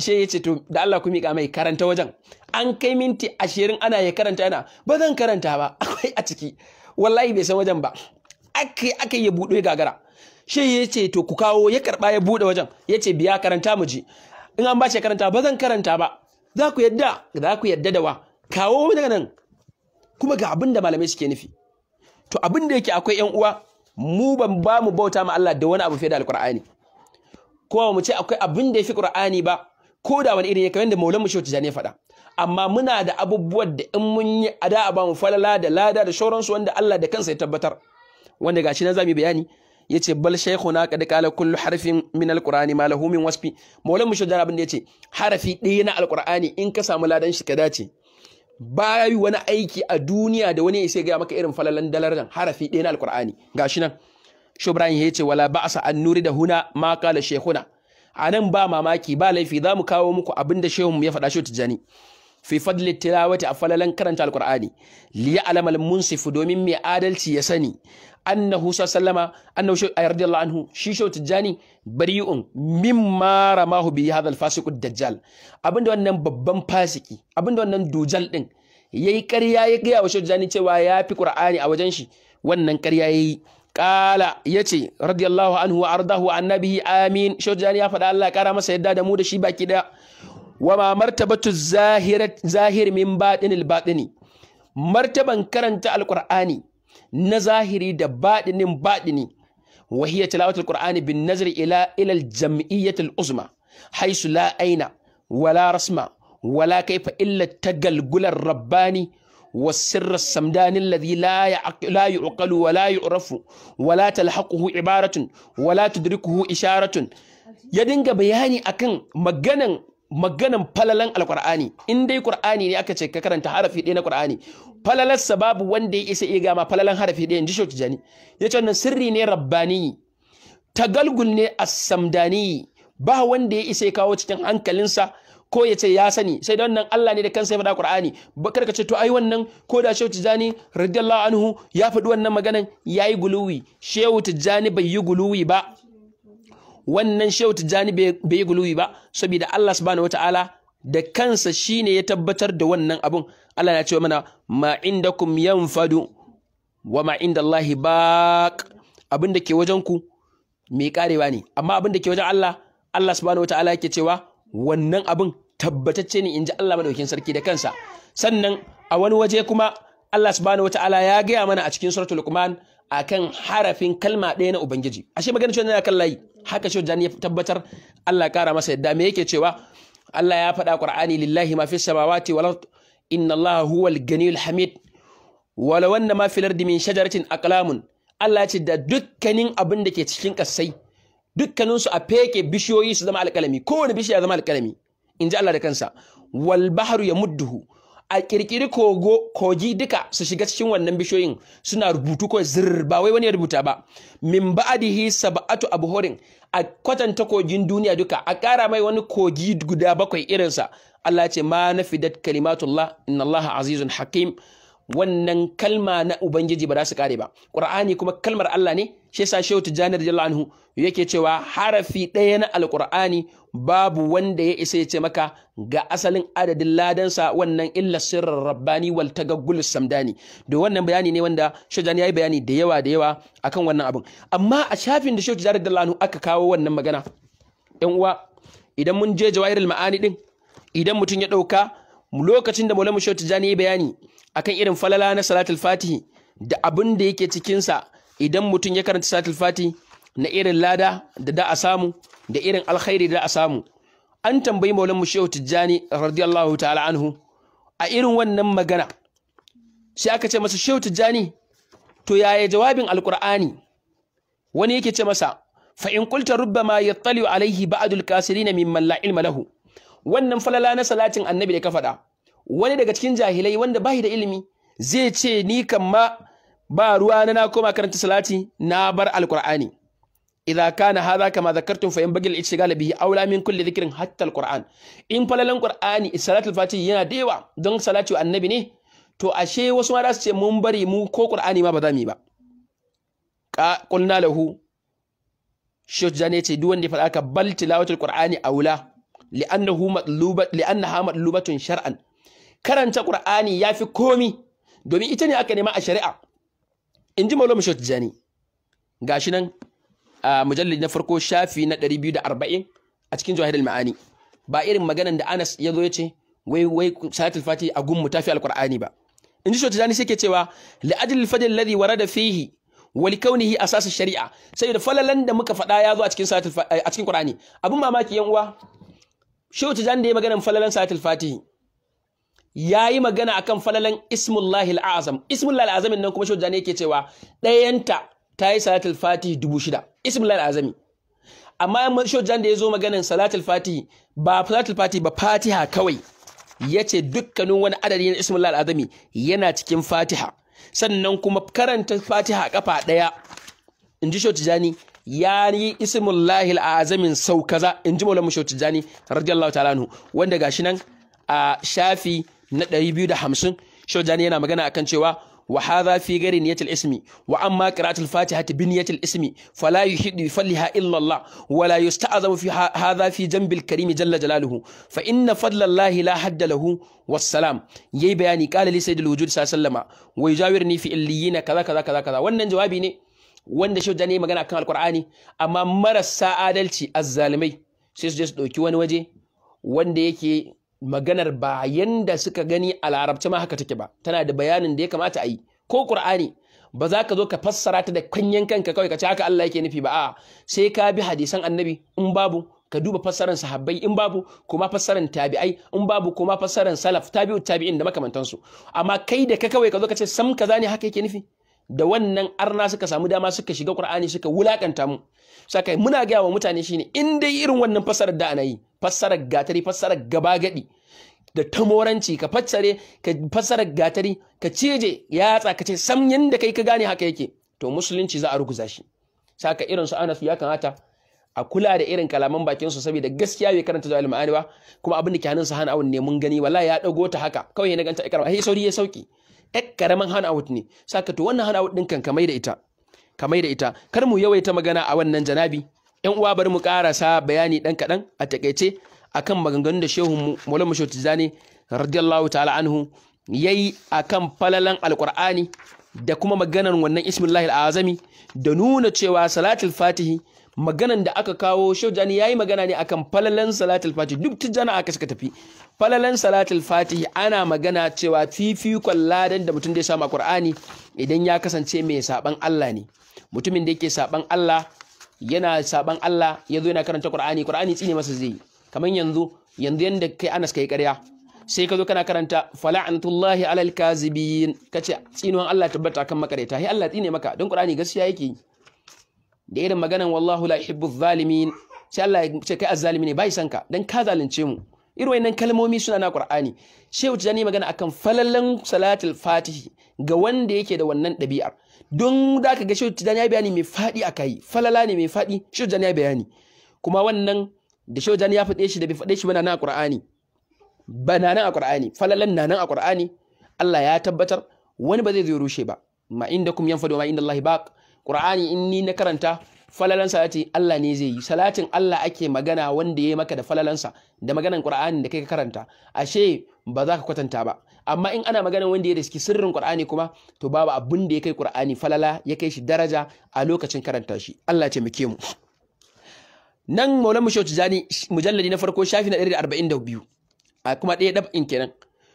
she ce to da Allah ku miƙa mai karanta wajen an kai minti ashirin ana ya karanta yana ba zan karanta ba akwai a ciki wallahi bai san wajen ba aka aka ya buɗe gagara she ce to ku kawo ya karɓa ya buɗe wajen ya ce biya karanta mu ji in an ba shi karanta ba zan karanta ba za ku yadda za ku yadda da wa kawo daga nan kuma ga abin da malamai suke nufi to abin da yake akwai yan uwa mu ban ba mu bauta ma Allah da wani abu fiye da alqur'ani ko mu ce akwai abin da yafi qur'ani ba ko da wani irin ya wanda maulan mu shi wata faɗa amma muna da abubuwan da in mun yi ada a ba mu falala da lada da su wanda Allah da kansa ya tabbatar wanda gashi na zamu bayani yace bal shaykhuna qad qala kullu harfin min alqur'ani ma lahu min wasfi maulan mu shi abin da yace harafi ɗaya na alqur'ani in ka samu ladan shi ka dace ba yi wani aiki a duniya da wani sai gaya maka irin falalan nan harafi ɗaya na alkur'ani shi nan shubran ya ce wala ba'sa an nuri da huna ma shekuna a nan ba mamaki ba laifi za mu kawo muku abin da shehun ya faɗa shi tijjani fi fadlil tilawati a falalan karanta alqur'ani li ya'lam al-munsif domin mai adalci ya sani annahu sallama annahu shi radiyallahu anhu shi shi tijani bari'un mimma ramahu bi hadha al-fasiq ad-dajjal abinda wannan babban fasiki abinda wannan dujal din yayi ƙarya ya gaya wa shi tijani cewa ya fi qur'ani a wajen shi wannan ƙarya yayi Ƙala yace radiyallahu anhu wa ardahu annabihi amin, shaujani ya faɗa Allah ƙara masa yadda da mu da shi baki ɗaya. wa ma martabatu zahir min baɗinil baɗini martaban karanta alƙur'ani na zahiri da baɗinin baɗini wa hiya tilawatul qur'ani bin nazar ila ila uzma haisu la aina wala rasma wala kaifa illa tagalgular rabbani والسر السمدان الذي لا لا يعقل ولا يعرف ولا تلحقه عبارة ولا تدركه إشارة يدنك بياني أكن مجانا maganan falalan alkur'ani in dai ƙurani ne aka ce ka karanta harafi ɗaya na Kur'ani. falalarsa babu wanda ya isa iya gama falalan harafi ɗaya inji shoki jani ce wannan sirri ne rabbani tagalgul ne a samdani ba wanda ya isa ya kawo cikin hankalinsa ko ya ce ya sani sai da wannan Allah ne da kansa ya faɗa ba kar ka ce to ai wannan ko da Shehu Tijani radiyallahu anhu ya faɗi wannan maganan Ya yi guluwi Shehu Tijani bai yi guluwi ba wannan shehu tijjani bai yi guluwi ba saboda Allah subhanahu wataala da kansa shi ne ya tabbatar da wannan abun Allah ya ce mana ma indakum yanfadu wa ma indallahi baq abin da ke wajen ku mai karewa ne amma abin da ke wajen Allah Allah subhanahu wataala yake cewa wannan abin tabbatacce ne ji Allah madaukin sarki da kansa sannan a wani waje kuma Allah subhanahu wataala ya gaya mana a cikin suratul Luqman akan harafin kalma ɗaya na ubangiji ashe magana cewa yana kan layi haka shi jani ya tabbatar Allah ya kara masa yadda me yake cewa Allah ya faɗa Qur'ani lillahi ma fi samawati wal ard inna Allah huwal ganiyul hamid Wala wanna ma fil ardi min shajaratin aqlamun Allah ya ce da dukkanin abin da ke cikin kasai dukkanin su a feke bishiyoyi su zama alƙalami kowane bishiya zama alƙalami in ji Allah da kansa wal bahru yamudduhu a kirkiri kogo kogi duka su shiga cikin wannan bishiyoyin suna rubutu ko zir ba wai wani ya rubuta ba min ba'dihi sab'atu abhurin a kwatanta kogin duniya duka a kara mai wani kogi guda bakwai irin sa. Allah ce ma nafidat kalimatullah innallaha azizun hakim wannan kalma na ubangiji ba za su kare ba qur'ani kuma kalmar Allah ne shi yasa shehu tijjani radiyallahu anhu yake cewa harafi ɗaya na alqur'ani babu wanda ya isa ya ce maka ga asalin adadin ladansa wannan illa sirrin rabbani wal tagaggul samdani da wannan bayani ne wanda ya yayi bayani da yawa da yawa akan wannan abin amma a shafin da shehu tijjani radiyallahu anhu aka kawo wannan magana yan uwa idan mun je jawahirul ma'ani din idan mutum ya ɗauka lokacin da maulana shehu tijjani yi bayani akan irin falala na salatul fatihi da abin da yake cikinsa idan mutum ya karanta salatul fati na irin lada da da a samu da irin alkhairi da a samu an tambayi maulan mu shehu tijjani radiyallahu ta'ala anhu a irin wannan magana sai aka ce masa shehu tijjani to yaya jawabin Alkur'ani. wani yake ce masa fa in qulta rubbama yattali alaihi ba'd alkasirin mimman la ilma lahu wannan falala na salatin annabi da ka faɗa wani daga cikin jahilai wanda bashi da ilimi zai ce ni kan ma ba ruwa na na koma karanta salati na bar alqur'ani idza kana hadha kama dhakartum fa yanbaghi al-ishtighal bihi awla min kulli dhikrin hatta al-qur'an in falalan qur'ani salatul fatih yana da yawa don salatu annabi ne to ashe wasu ma da su ce mun bari mu ko qur'ani ma ba za mu yi ba ka qulna lahu Sheikh Jani ce duk wanda ya faɗa ka bal tilawatul qur'ani awla li'annahu matluba li'annaha matlubatun shar'an karanta qur'ani yafi komi domin ita ne aka nema a shari'a in ji maulama shot jani shi nan a mujallid na farko shafi na 240 a cikin al ma'ani ba irin maganan da Anas ya zo ya ce wai wai salatul fati a gun mutafi alqur'ani ba in ji shot jani sai ke cewa li ajli fadl alladhi warada fihi wa li kawnihi asas shari'a sai da falalan da muka fada ya zo a cikin salatul a cikin qur'ani abun mamaki yan uwa shehu tijani da ya maganan falalan salatul fatihi ya yi magana akan falalan ismullahi al'azam ismullahi al'azam nan kuma shojani yake cewa ɗayanta ta yi salatul fatih dubu shida ismullahi al'azami amma shojani da ya zo maganin salatul fatih ba salatul fatih ba fatiha kawai ya ce dukkanin wani adadi na ismullahi al'azami yana cikin fatiha sannan kuma karanta fatiha kafa ɗaya in ji shojani ya yi ismullahi al'azamin sau kaza in ji maulama shojani radiyallahu ta'ala wanda gashi nan a shafi na hamsin shaujani yana magana akan cewa wa hadha fi ghairi niyatil ismi wa amma qira'atul fatihati bi ismi fala yuhiddu bi fadliha illa Allah wa la jalla jalaluhu fa inna fadla Allah la yayi bayani qala li sayyidil wujud sallama wa yujawirni fi illiyina wannan jawabi ne wanda yi magana kan alqur'ani amma marasa adalci azzalimai sai su je su ɗauki wani waje wanda yake maganar ba yanda suka gani a larabci ma haka take ba tana da bayanin da ya kamata a yi ko qur'ani ba za ka zo ka fassara ta da kwanyen kanka kawai ka ce haka Allah yake nufi ba a'a sai ka bi hadisan annabi in babu ka duba fassaran sahabbai in babu kuma fassaran tabi'ai in babu kuma fassaran salaf tabi'u tabi'in da makamantansu amma kai da ka kawai ka zo ka ce sam kaza ne haka yake nufi da wannan arna suka samu dama suka shiga Qur'ani suka wulakanta mu saka muna ga wa mutane shine in dai irin wannan fassarar da ana yi fassarar gatari fassarar gaba gadi da tamoranci ka fassare ka fassara gatari ka cije yatsa ka ce sam yanda kai ka gane haka yake to musulunci za a ruguza shi saka irin su Anas ya kamata a kula da irin kalaman bakin su saboda gaskiya bai karanta zuwa ilmi ba kuma abin da ke hannun su hana awun ne mun gani wallahi ya dago ta haka kawai na ganta ikrama sai sauri ya sauki ɗan karaman hana ne saka to wannan hana awut din kan kamai da ita kamai da ita kar mu yawaita magana a wannan janabi yan uwa bari mu karasa bayani dan kaɗan, a takeice akan maganganun da shehu Maulana Shehu Tijani radiyallahu ta'ala anhu yayi akan falalan alqur'ani da kuma maganar wannan ismillahil azami da nuna cewa salatul fatihi maganan da aka kawo Shehu ya yi magana ne akan falalan salatul fatihi duk tijana aka suka tafi falalan salatul fatihi ana magana cewa fifikon ladan da mutum da ya samu alqur'ani idan ya kasance mai saban Allah ne mutumin da yake saban Allah yana saban Allah ya zo yana karanta Qur'ani Qur'ani tsine masa zai kamar yanzu yanzu yanda kai Anas kai ƙarya sai ka zo kana karanta fala'antullahi alal kazibin kace tsinuwan Allah tabbata kan makareta sai Allah tsine maka don Qur'ani gaskiya yake da irin maganan wallahu la yuhibbu zalimin sai Allah ya ce kai azzalimi ne bai san ka dan ka zalunce mu irin wannan kalmomi suna na Qur'ani shehu tijani magana akan falalan salatul fatihi ga wanda yake da wannan ɗabi'ar don da ka ga shehu tijjani ya bayani mai faɗi a kai falala ne mai faɗi shehu tijjani ya bayani kuma wannan da shehu tijjani ya faɗe shi da bai faɗe shi ba nan a ƙur'ani. ba nan a ƙur'ani. falalan nan a ƙur'ani. Allah ya tabbatar wani ba zai zo rushe ba ma inda kum yanfadu ma inda Allah baq Ƙur'ani in ni na karanta falalan yace Allah ne zai yi salatin Allah ake magana wanda ya maka da falalansa da maganan ƙur'ani da kai ka karanta ashe ba za ka kwatanta ba amma in ana magana wanda ya riski sirrin Qur'ani kuma to babu abin da ya kai Qur'ani falala ya kai shi daraja a lokacin karanta shi Allah ya taimake mu nan Maulana Musho Tijani mujalladi na farko shafi na 142 a kuma ɗaya dab'in kenan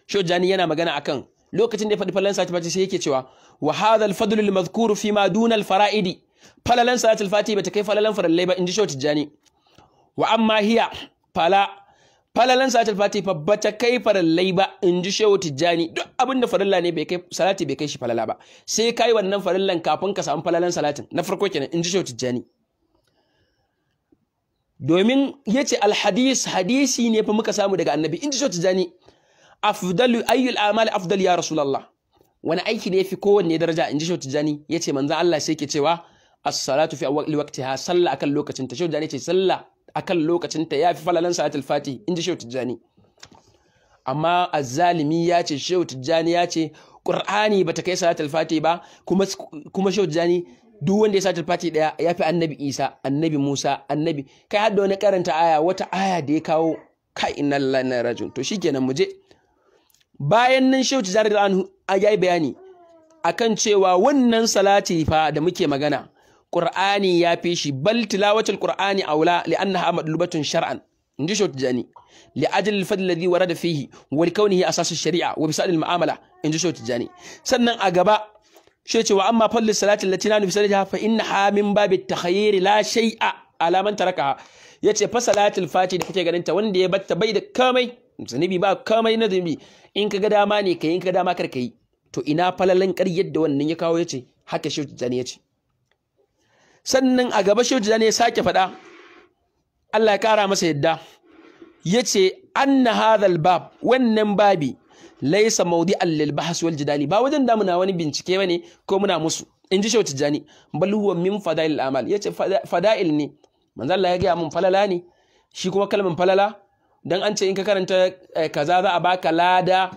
Sho Tijani yana magana akan lokacin da ya faɗi falalan sati fati sai yake cewa wa hadha al-fadlu al madhkur fi ma duna al-fara'idi falalan sati al-fati bata kai falalan farallai ba inji Sho Tijani wa amma hiya fala falalan salatul fati ba ta kai farallai ba in ji shehu tijjani duk abin da farilla ne bai kai salati bai kai shi falala ba sai kai wannan farillan kafin ka samu falalan salatin na farko kenan in ji shehu tijjani domin yace alhadis hadisi ne fa muka samu daga annabi in ji shehu tijjani afdalu ayyul amali afdal ya rasulullah wani aiki ne yafi kowanne daraja in ji shehu tijjani yace manzo Allah sai ke cewa as-salatu fi awwal waqtiha sallah akan lokacin ta shehu tijjani ce sallah akan lokacinta ya fi falalan salatul fati in ji shehu tijjani amma azzalimi ya ce shehu tijjani ya ce qur'ani bata kai salatul fati ba kuma kuma shehu tijjani duk wanda ya salatul fati daya ya fi annabi isa annabi musa annabi kai hadda wani karanta aya wata aya da ya kawo kai inna lillahi inna rajul to shikenan mu je bayan nan shehu tijjani da an yayi bayani akan cewa wannan salati fa da muke magana Qur'ani ya fi shi bal tilawatul Qur'ani aula li'annaha madlubatun shar'an inji Shotijani li ajli al-fadl alladhi warada fihi wa li kawnihi asas sharia wa bisal al-mu'amala inji jani. sannan a gaba shi ce wa amma fadl salati allati la nufsal jaha fa innaha min babit takhayyir la shay'a ala man yace fa salatul fati da kake ganin ta wanda ya batta bai da kamai Zanibi ba kamai na Zanibi. in ka ga dama ne ka yi in ka ga dama kar ka yi to ina falalan ƙaryar da wannan ya kawo yace haka shi yace sannan a gaba shi ne ya sake faɗa Allah ya kara masa yadda yace na hadhal bab wannan babi laisa maudi allil bahas wal jidali ba wajen da muna wani bincike bane ko muna musu in ji shehu jani bal huwa min fada'il amal yace fada'il ne manzo Allah ya gaya mun falala ne shi kuma kalmin falala dan an ce in ka karanta eh, kaza za a baka lada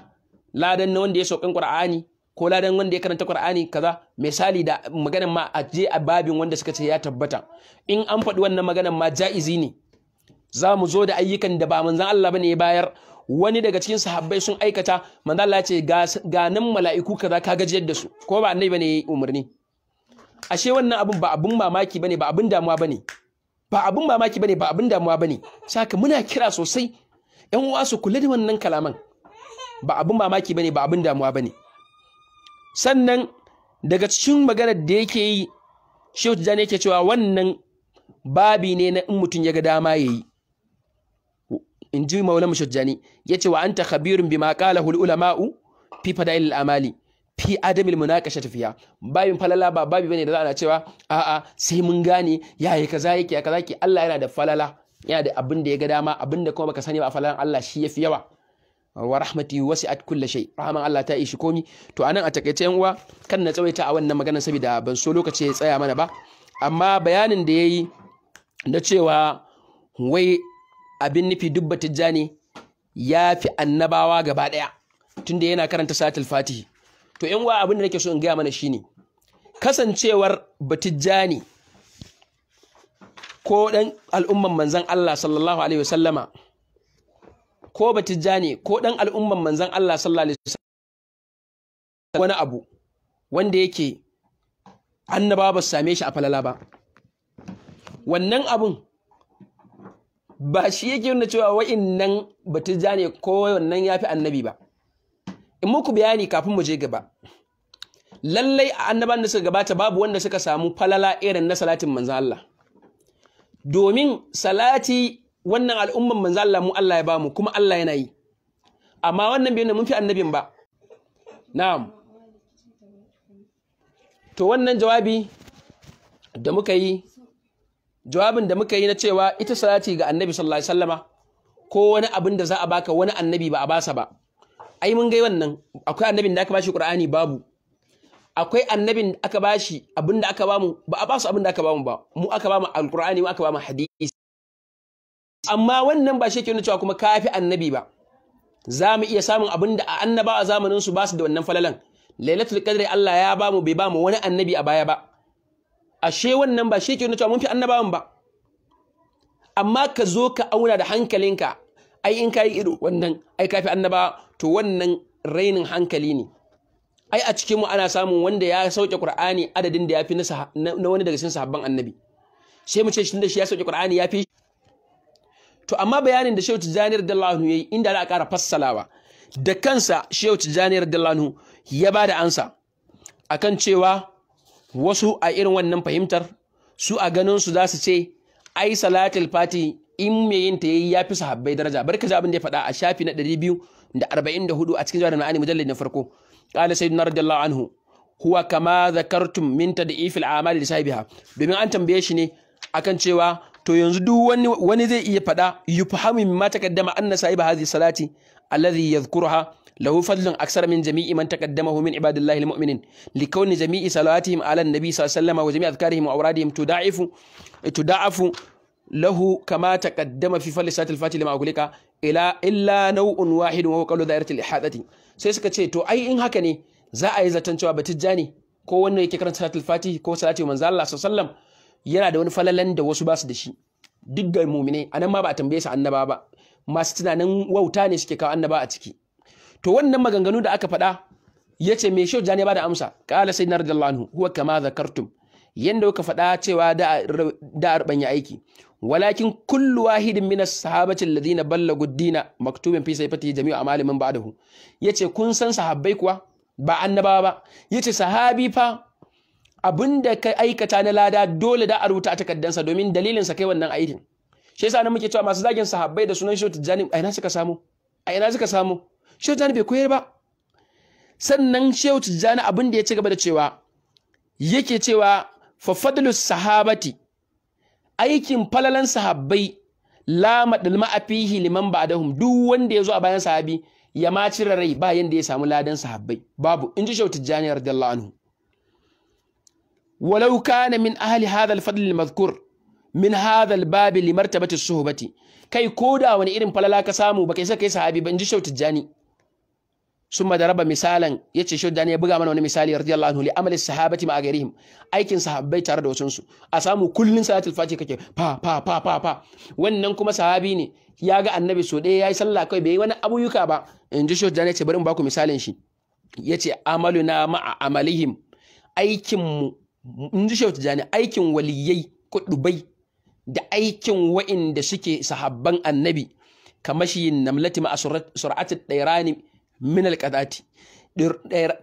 ladan na wanda ya shokin qur'ani ko ladan wanda ya karanta Qur'ani kaza misali da maganan ma a je a babin wanda suka ce ya tabbata in an faɗi wannan maganan ma ja'izi ne za mu zo da ayyukan da ba manzan Allah bane ya bayar wani daga cikin sahabbai sun aikata manzan Allah ce ga nan mala'iku kaza ka gajiyar da su ko ba annabi bane yayi umarni ashe wannan abun ba abun mamaki bane ba abun damuwa bane ba abun mamaki bane ba abun damuwa bane saka muna kira sosai yan uwa su kula da wannan kalaman ba abun mamaki bane ba abun damuwa bane sannan daga cikin maganar da yake yi shehu tijjani yake cewa wannan babi ne na in mutum ya ga dama ya yi in ji maulama shehu tijjani ya ce wa anta khabirun bima qala hul ulama'u fi fada'il amali fi adamil munakasha tafiya babin falala ba babi bane da za a cewa a'a sai mun gane ya yi kaza yake ya kaza yake Allah yana da falala yana da abin da ya ga dama abin da kuma baka sani ba a falalan Allah shi yafi yawa wa rahmati wasi'at kulli shay rahman Allah ta ishi komi to anan a takaice yan uwa kan na tsawaita a wannan maganar saboda ban so lokaci ya tsaya mana ba amma bayanin da yayi na cewa wai abin nufi dubba tijjani ya fi annabawa gaba daya tunda yana karanta satul fatihi to yan uwa abin da nake so in gaya mana shine kasancewar batijjani ko dan al'umman manzon Allah sallallahu alaihi wasallama ko batijjani ko dan al'umman manzon Allah sallallahu alaihi wasallam wani abu wanda yake annaba ba su same shi a falala ba wannan abun ba shi yake nuna cewa wa'innan batijjani ko wannan yafi annabi ba in muku bayani kafin mu je gaba lallai a annaban da suka gabata babu wanda suka samu falala irin na salatin manzon Allah domin salati wannan al'umman manzo Allah mu Allah ya ba mu kuma Allah yana yi amma wannan bai mun fi annabin ba na'am to wannan jawabi da muka yi jawabin da muka yi na cewa ita salati ga annabi sallallahu alaihi wasallama ko wani abin da za a baka wani annabi ba a basa ba ai mun gai wannan akwai annabin da aka bashi qur'ani babu akwai annabin da aka bashi abin da aka bamu ba a basu abin da aka bamu ba mu aka bamu alqur'ani mu aka bamu hadisi amma wannan ba shi ke nuna cewa kuma kafi annabi ba za mu iya samun abin da annaba a zamanin su ba su da wannan falalan lailatul qadri Allah ya ba mu bai ba mu wani annabi a baya ba ashe wannan ba shi ke nuna cewa mun fi annabawan ba amma ka zo ka auna da hankalinka ai in kai ido wannan ai kafi annaba to wannan rainin hankali ne ai a cikin mu ana samun wanda ya sauke Qur'ani adadin da ya fi na wani daga cikin sahabban annabi sai mu ce shi da shi ya sauke Qur'ani ya fi to amma bayanin da Shehu Tijjani radiyallahu ya yi, inda za a ƙara fassalawa da kansa Shehu Tijjani radiyallahu anhu ya bada ansa akan cewa wasu a irin wannan fahimtar su a ganin su za su ce ai salatul fati in me yin ta yayi yafi sahabbai daraja barka ji abin da ya faɗa a shafi na 244 a cikin jawahar ma'ani mujallad na farko qala sayyidina radiyallahu anhu huwa kama zakartum min tad'ifil da li sahibiha domin an tambaye shi ne akan cewa to yanzu duk wani wani zai iya faɗa yufhamu mimma taqaddama anna sahiba hadhihi salati alladhi yadhkuruha lahu fadlun aksar min jami'i man taqaddamahu min ibadillahi almu'minin likawni jami'i salawatihim ala an-nabi sallallahu alaihi wa jami'i adhkarihim wa awradihim tudaifu tudaifu fi كما تقدم في فلسات lima لما ila illa إلا نوع wa وهو قول دائرة الإحاطة sai suka ce to ai in haka ne za a yi zaton cewa batijjani ko wannan yake karanta salatul fatih ko salati manzo Allah sallallahu alaihi wasallam yana da wani falalan da wasu basu da shi duk ga mumine a nan ma ba a tambaye su annaba ba masu tunanin wauta ne suke kawo annaba a ciki to wannan maganganu da aka faɗa ya ce me shau jani ba da amsa kala sai na radiyallahu anhu huwa kama kartum Yadda kuka faɗa cewa da ya aiki walakin kullu wahidin min as-sahabati alladhina ballagu ad-dina maktubin fi sayfati jami'u amali min ba'dahu yace kun san sahabbai kuwa ba annabawa ba yace sahabi fa abin da ka aikata na lada dole da a rubuta a takaddansa domin dalilin sa kai wannan aikin shi yasa nan muke cewa masu zagin sahabbai da sunan shehu tijjani a ina suka samu a ina suka samu shehu tijjani bai koyar ba sannan shehu tijjani abin da ya ci gaba da cewa yake cewa fa fadlus sahabati aikin falalan sahabbai la madal ma'afihi liman ba'dahum duk wanda ya zo a bayan sahabi ya ma cire rai ba yanda ya samu ladan sahabbai babu inji shehu tijjani radiyallahu anhu ولو كان من أهل هذا الفضل المذكور min hadhal babi li martabati suhbati kai koda wani irin falala ka samu baka isa kai sahabi ban ji shau tijjani summa daraba misalan yace shau tijjani ya buga mana wani misali radiyallahu anhu li amali sahabati aikin sahabbai tare da wasunsu a samu kullun salatul fati kake fa fa fa fa fa wannan kuma sahabi ne ya ga annabi so ɗaya yayi sallah kai bai yi wani abuyuka ba in ji shau tijjani yace bari in baku misalin shi yace amaluna ma'a amalihim aikin mu in ji shehu tijjani aikin waliyai kudubai da aikin wa'inda suke sahabban annabi kamashiyin namlati ma sur'ati dairani min alqadati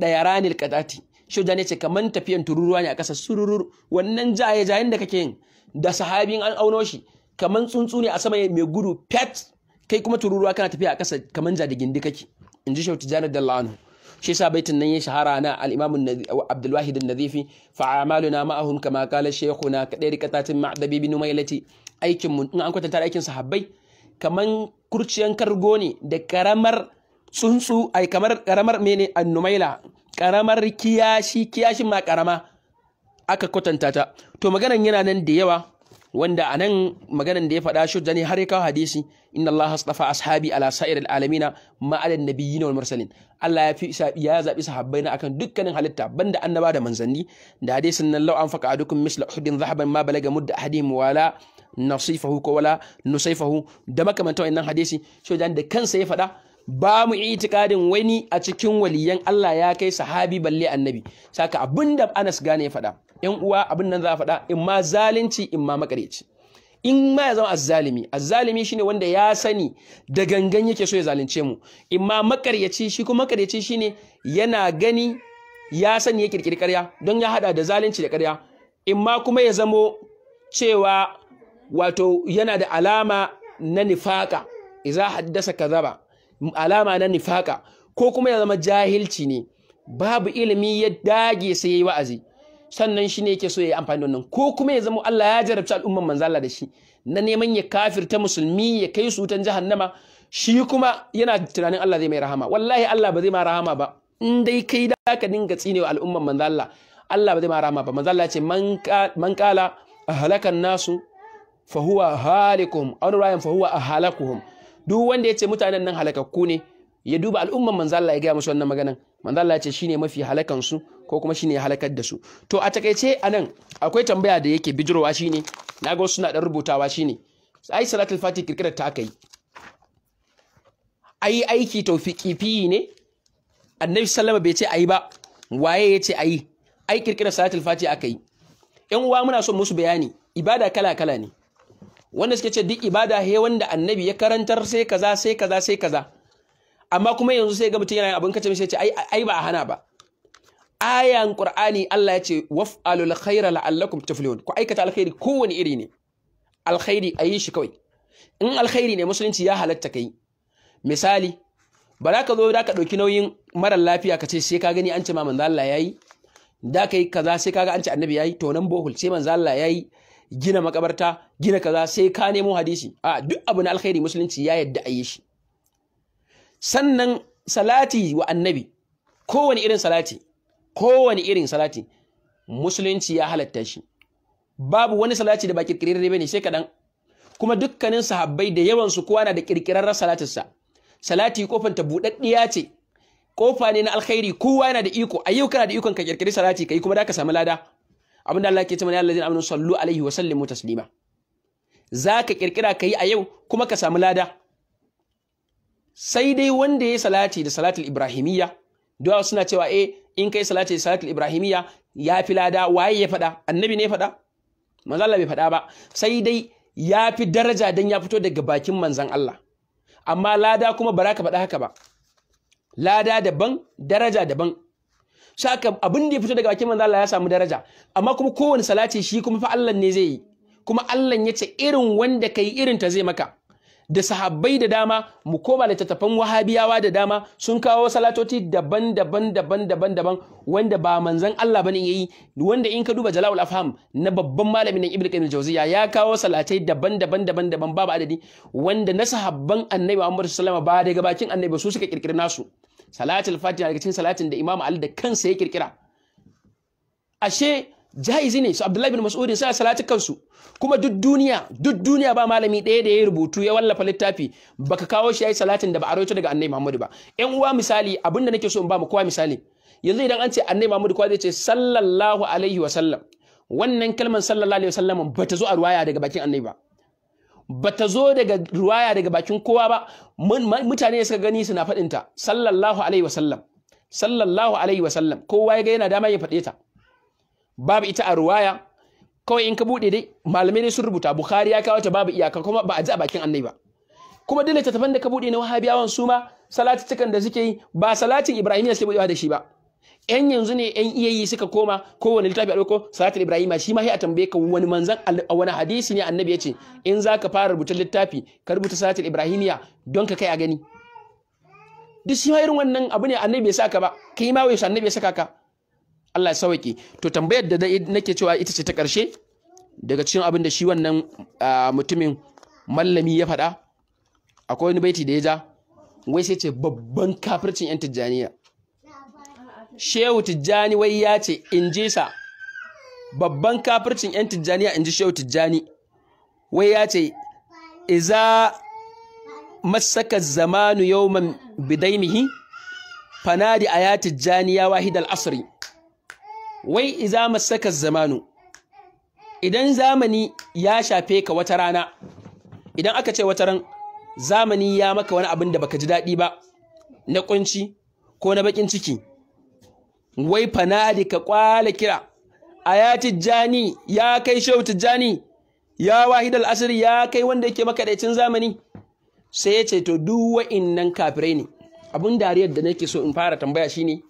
dairani alqadati shehu tijjani ce kaman tafiyan tururuwa ne a kasa sururur wannan jaye jayen da kake yin da sahabin an auno shi kaman tsuntsu ne a sama mai gudu pet kai kuma tururuwa kana tafiya a kasa kaman jadigindi kake in ji shehu tijjani da la'anu. shi yasa baitin nan ya shahara na al-imam nazifi Wahid an-Nadhifi fa amaluna ma'ahum kama qala shaykhuna kadai rikatatin ma'dabi bin mailati aikin mu in an kwatanta aikin sahabbai kaman kurciyan kargo ne da karamar tsuntsu ai kamar karamar mene an-Numaila karamar kiyashi kiyashin ma karama aka kwatanta ta to maganan yana nan da yawa wanda a nan maganan da ya faɗa shi ne har ya kawo hadisi inna Allah astafa ashabi ala sa'ir alamina ma ala nabiyyin wal mursalin Allah ya fi ya zabi sahabbai na akan dukkanin halitta banda annaba da manzanni da hadisin nan law an faqa adukum misla uhudin zahaban ma balaga mudda ahadihim wala nasifahu ko wala nusaifahu da makamanta nan hadisi shi da kansa ya faɗa ba mu itikadin wani a cikin waliyan Allah ya kai sahabi balle annabi saka abinda Anas gane ya faɗa ƴan uwa abin nan za a faɗa in ma zalunci in ma makareci in ma ya zama azzalimi azzalimi shine wanda ya sani da gangan yake so ya zalunce mu in ma makareci shi kuma makareci shine yana gani ya sani ya kirkiri ƙarya don ya hada da zalunci da ƙarya in ma kuma ya zamo cewa wato yana da alama na nifaka idza haddasa kazaba alama na nifaka ko kuma ya zama jahilci ne babu ilimi ya dage sai ya yi wa'azi sannan shi ne ke so ya yi amfani da wannan ko kuma ya zama Allah ya jarabci al'umman manzala da shi na neman ya kafirta musulmi ya kai su wutan jahannama shi kuma yana tunanin Allah zai mai rahama wallahi Allah ba zai ma rahama ba in dai kai da ka dinga tsine wa al'umman manzala Allah ba zai ma rahama ba manzala ce man kala halakan nasu huwa halikum aw rayan huwa ahlakuhum duk wanda ya ce mutanen nan halakakku ne ya duba al'umman manzo Allah ya gaya musu wannan maganan manzo Allah ya ce shine mafi halakan su ko kuma shine halakar da su to a takaice anan akwai tambaya da yake bijirowa shine naga suna dan rubutawa shine ai salatul Fati kirkirar ta kai ai aiki tawfiki fi ne annabi sallama bai ce ayi ba waye ya ce ayi ai kirkirar salatul Fati aka yi yan uwa muna so musu bayani ibada kala kala ne wanda suke ce duk ibada he wanda annabi ya karantar sai kaza sai kaza sai kaza amma kuma yanzu sai ga mutum yana abin kace mishi ce ai ai ba a hana ba ayan qur'ani Allah ya ce waf'alul khaira la'allakum tuflihun ku aikata alkhairi kowane iri ne alkhairi ayi shi kawai in alkhairi ne musulunci ya halatta kai misali ba za ka zo da ka ɗauki nauyin marar lafiya ka ce sai ka gani an ce ma manzo Allah yayi da ka yi kaza sai ka ga an ce annabi yayi to nan bohul sai manzo Allah yayi gina makabarta gina kaza sai ka nemo hadisi a duk abu na alkhairi musulunci ya yadda a yi shi sannan salati wa annabi kowane irin salati kowane irin salati musulunci ya halatta shi babu wani salati da ba kirkirarre bane sai kaɗan kuma dukkanin sahabbai da yawan su kowa na da kirkirarren salatinsa salati ta buɗaɗɗiya ce kofa ne na alkhairi kowa yana da iko ayyuka da iko ka kirkiri salati kai kuma da ka samu lada abin da Allah ke ce mana ya zai sallu alaihi wa sallimu taslima zaka kirkira ka yi a yau kuma ka samu lada sai dai wanda ya salati da salatul ibrahimiyya duwa suna cewa eh in kai salati da salatul ibrahimiyya ya fi lada waye ya faɗa annabi ne ya faɗa manzo Allah bai faɗa ba sai dai ya fi daraja dan ya fito daga bakin manzon Allah amma lada kuma ba ka faɗa haka ba lada daban daraja daban shaka abin da ya fito daga bakin manzo ya samu daraja amma kuma kowane salati shi kuma fa Allah ne zai yi kuma Allah ya ce irin wanda kai irin ta zai maka da sahabbai da dama mu koma littattafan wahabiyawa da dama sun kawo salatoti daban-daban daban-daban daban wanda ba manzan Allah bane yayi wanda in ka duba Jala'ul Afham na babban malamin nan Ibn Qayyim al-Jawziyya ya kawo salatai daban-daban daban-daban babu adadi wanda na sahabban Annabi Muhammad sallallahu alaihi wasallam ba daga bakin Annabi su suka kirkiri nasu salatul fatiha daga cikin salatin da imamu ali da kansa ya kirkira ashe jaizi ne su abdullahi bin mas'udin suna salati kansu kuma duk duniya duk duniya ba malami ɗaya da ya rubutu ya wallafa littafi baka kawo shi yayi salatin da ba a rawaito daga annabi muhammadu ba yan uwa misali abinda nake so in ba mu kowa misali yanzu idan an ce annabi muhammadu kowa zai ce sallallahu alaihi wa sallam wannan kalmar sallallahu alaihi wa sallam bata zo a ruwaya daga bakin annabi ba bata zo daga ruwaya daga bakin kowa ba mutane suka gani suna faɗin ta sallallahu alaihi wasallam sallallahu alaihi wasallam kowa ya ga yana dama ya faɗe ta babu ita a ruwaya kawai in ka bude dai malamai ne sun rubuta bukhari ya kawo ta babu iyaka kuma ba a ji a bakin annabi ba kuma ta tafan da ka bude na wahabiyawan su ma cikan da suke yi ba salatin ibrahim ne bude buɗewa da shi ba yan yanzu ne yan iyayi suka koma kowane littafi a ɗauko salatul ibrahima shi ma sai a tambaye ka wani manzan wani hadisi ne annabi ya ce in za ka fara rubuta littafi ka rubuta salatul ibrahimiya don ka kai a gani duk shi ma irin wannan abu ne annabi ya saka ba kai ma wai annabi ya saka ka Allah ya sauke to tambayar da nake cewa ita ce ta ƙarshe daga cikin abin da shi wannan mutumin mallami ya faɗa akwai wani baiti da ya ja wai sai ce babban kafircin yan tijjaniya shehu tijjani wai ya ce in ji sa babban kafircin 'yan tijjaniya in ji shehu tijjani wai ya ce iza masaka zamanu yawman bidaimihi fanadi ya tijjaniya wahid asiri, wai iza masaka zamanu idan zamani ya shafe ka wata rana idan aka ce wata ran zamani ya maka wani abin da baka ji daɗi ba na kunci ko na baƙin ciki wai fanadi ka kwala kira aya tijjani ya kai shehu tijjani ya wahidal asiri ya kai wanda yake makaɗaicin zamani sai ya ce to duk wa'innan kafirai ne abin dariyar da nake so in fara tambaya shine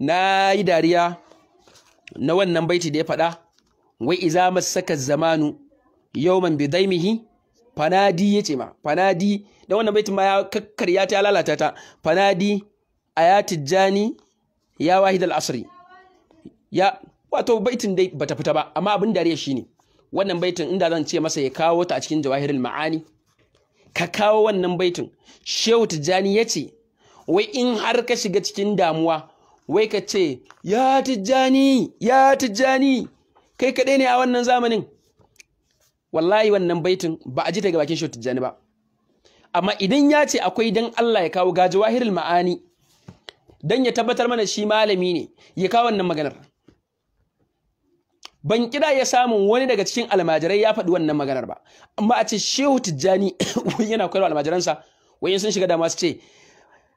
na yi dariya na wannan baiti da ya faɗa wai iza masaka zamanu Yau yawman bidaimihi fanadi ya ce ma fanadi da wannan baitin ma ya ya ta lalata ta fanadi aya tijjani ya wahid al ya wato baitin dai bata fita ba amma abin dariya shine wannan baitin inda zan ce masa ya kawo ta a cikin jawahirul ma'ani ka kawo wannan baitin shehu tijjani ya ce wai in har ka shiga cikin damuwa wai ka ce ya tijjani ya tijjani kai kaɗai ne a wannan zamanin wallahi wannan baitin ba a ji daga bakin shehu tijjani ba amma idan ya ce akwai dan Allah ya kawo ga jawahirul ma'ani don ya tabbatar mana shi malami ne ya kawo wannan maganar ban kira ya samun wani daga cikin almajirai ya faɗi wannan maganar ba amma a ce shehu tijjani yana koyarwa almajiransa Wani sun shiga dama su ce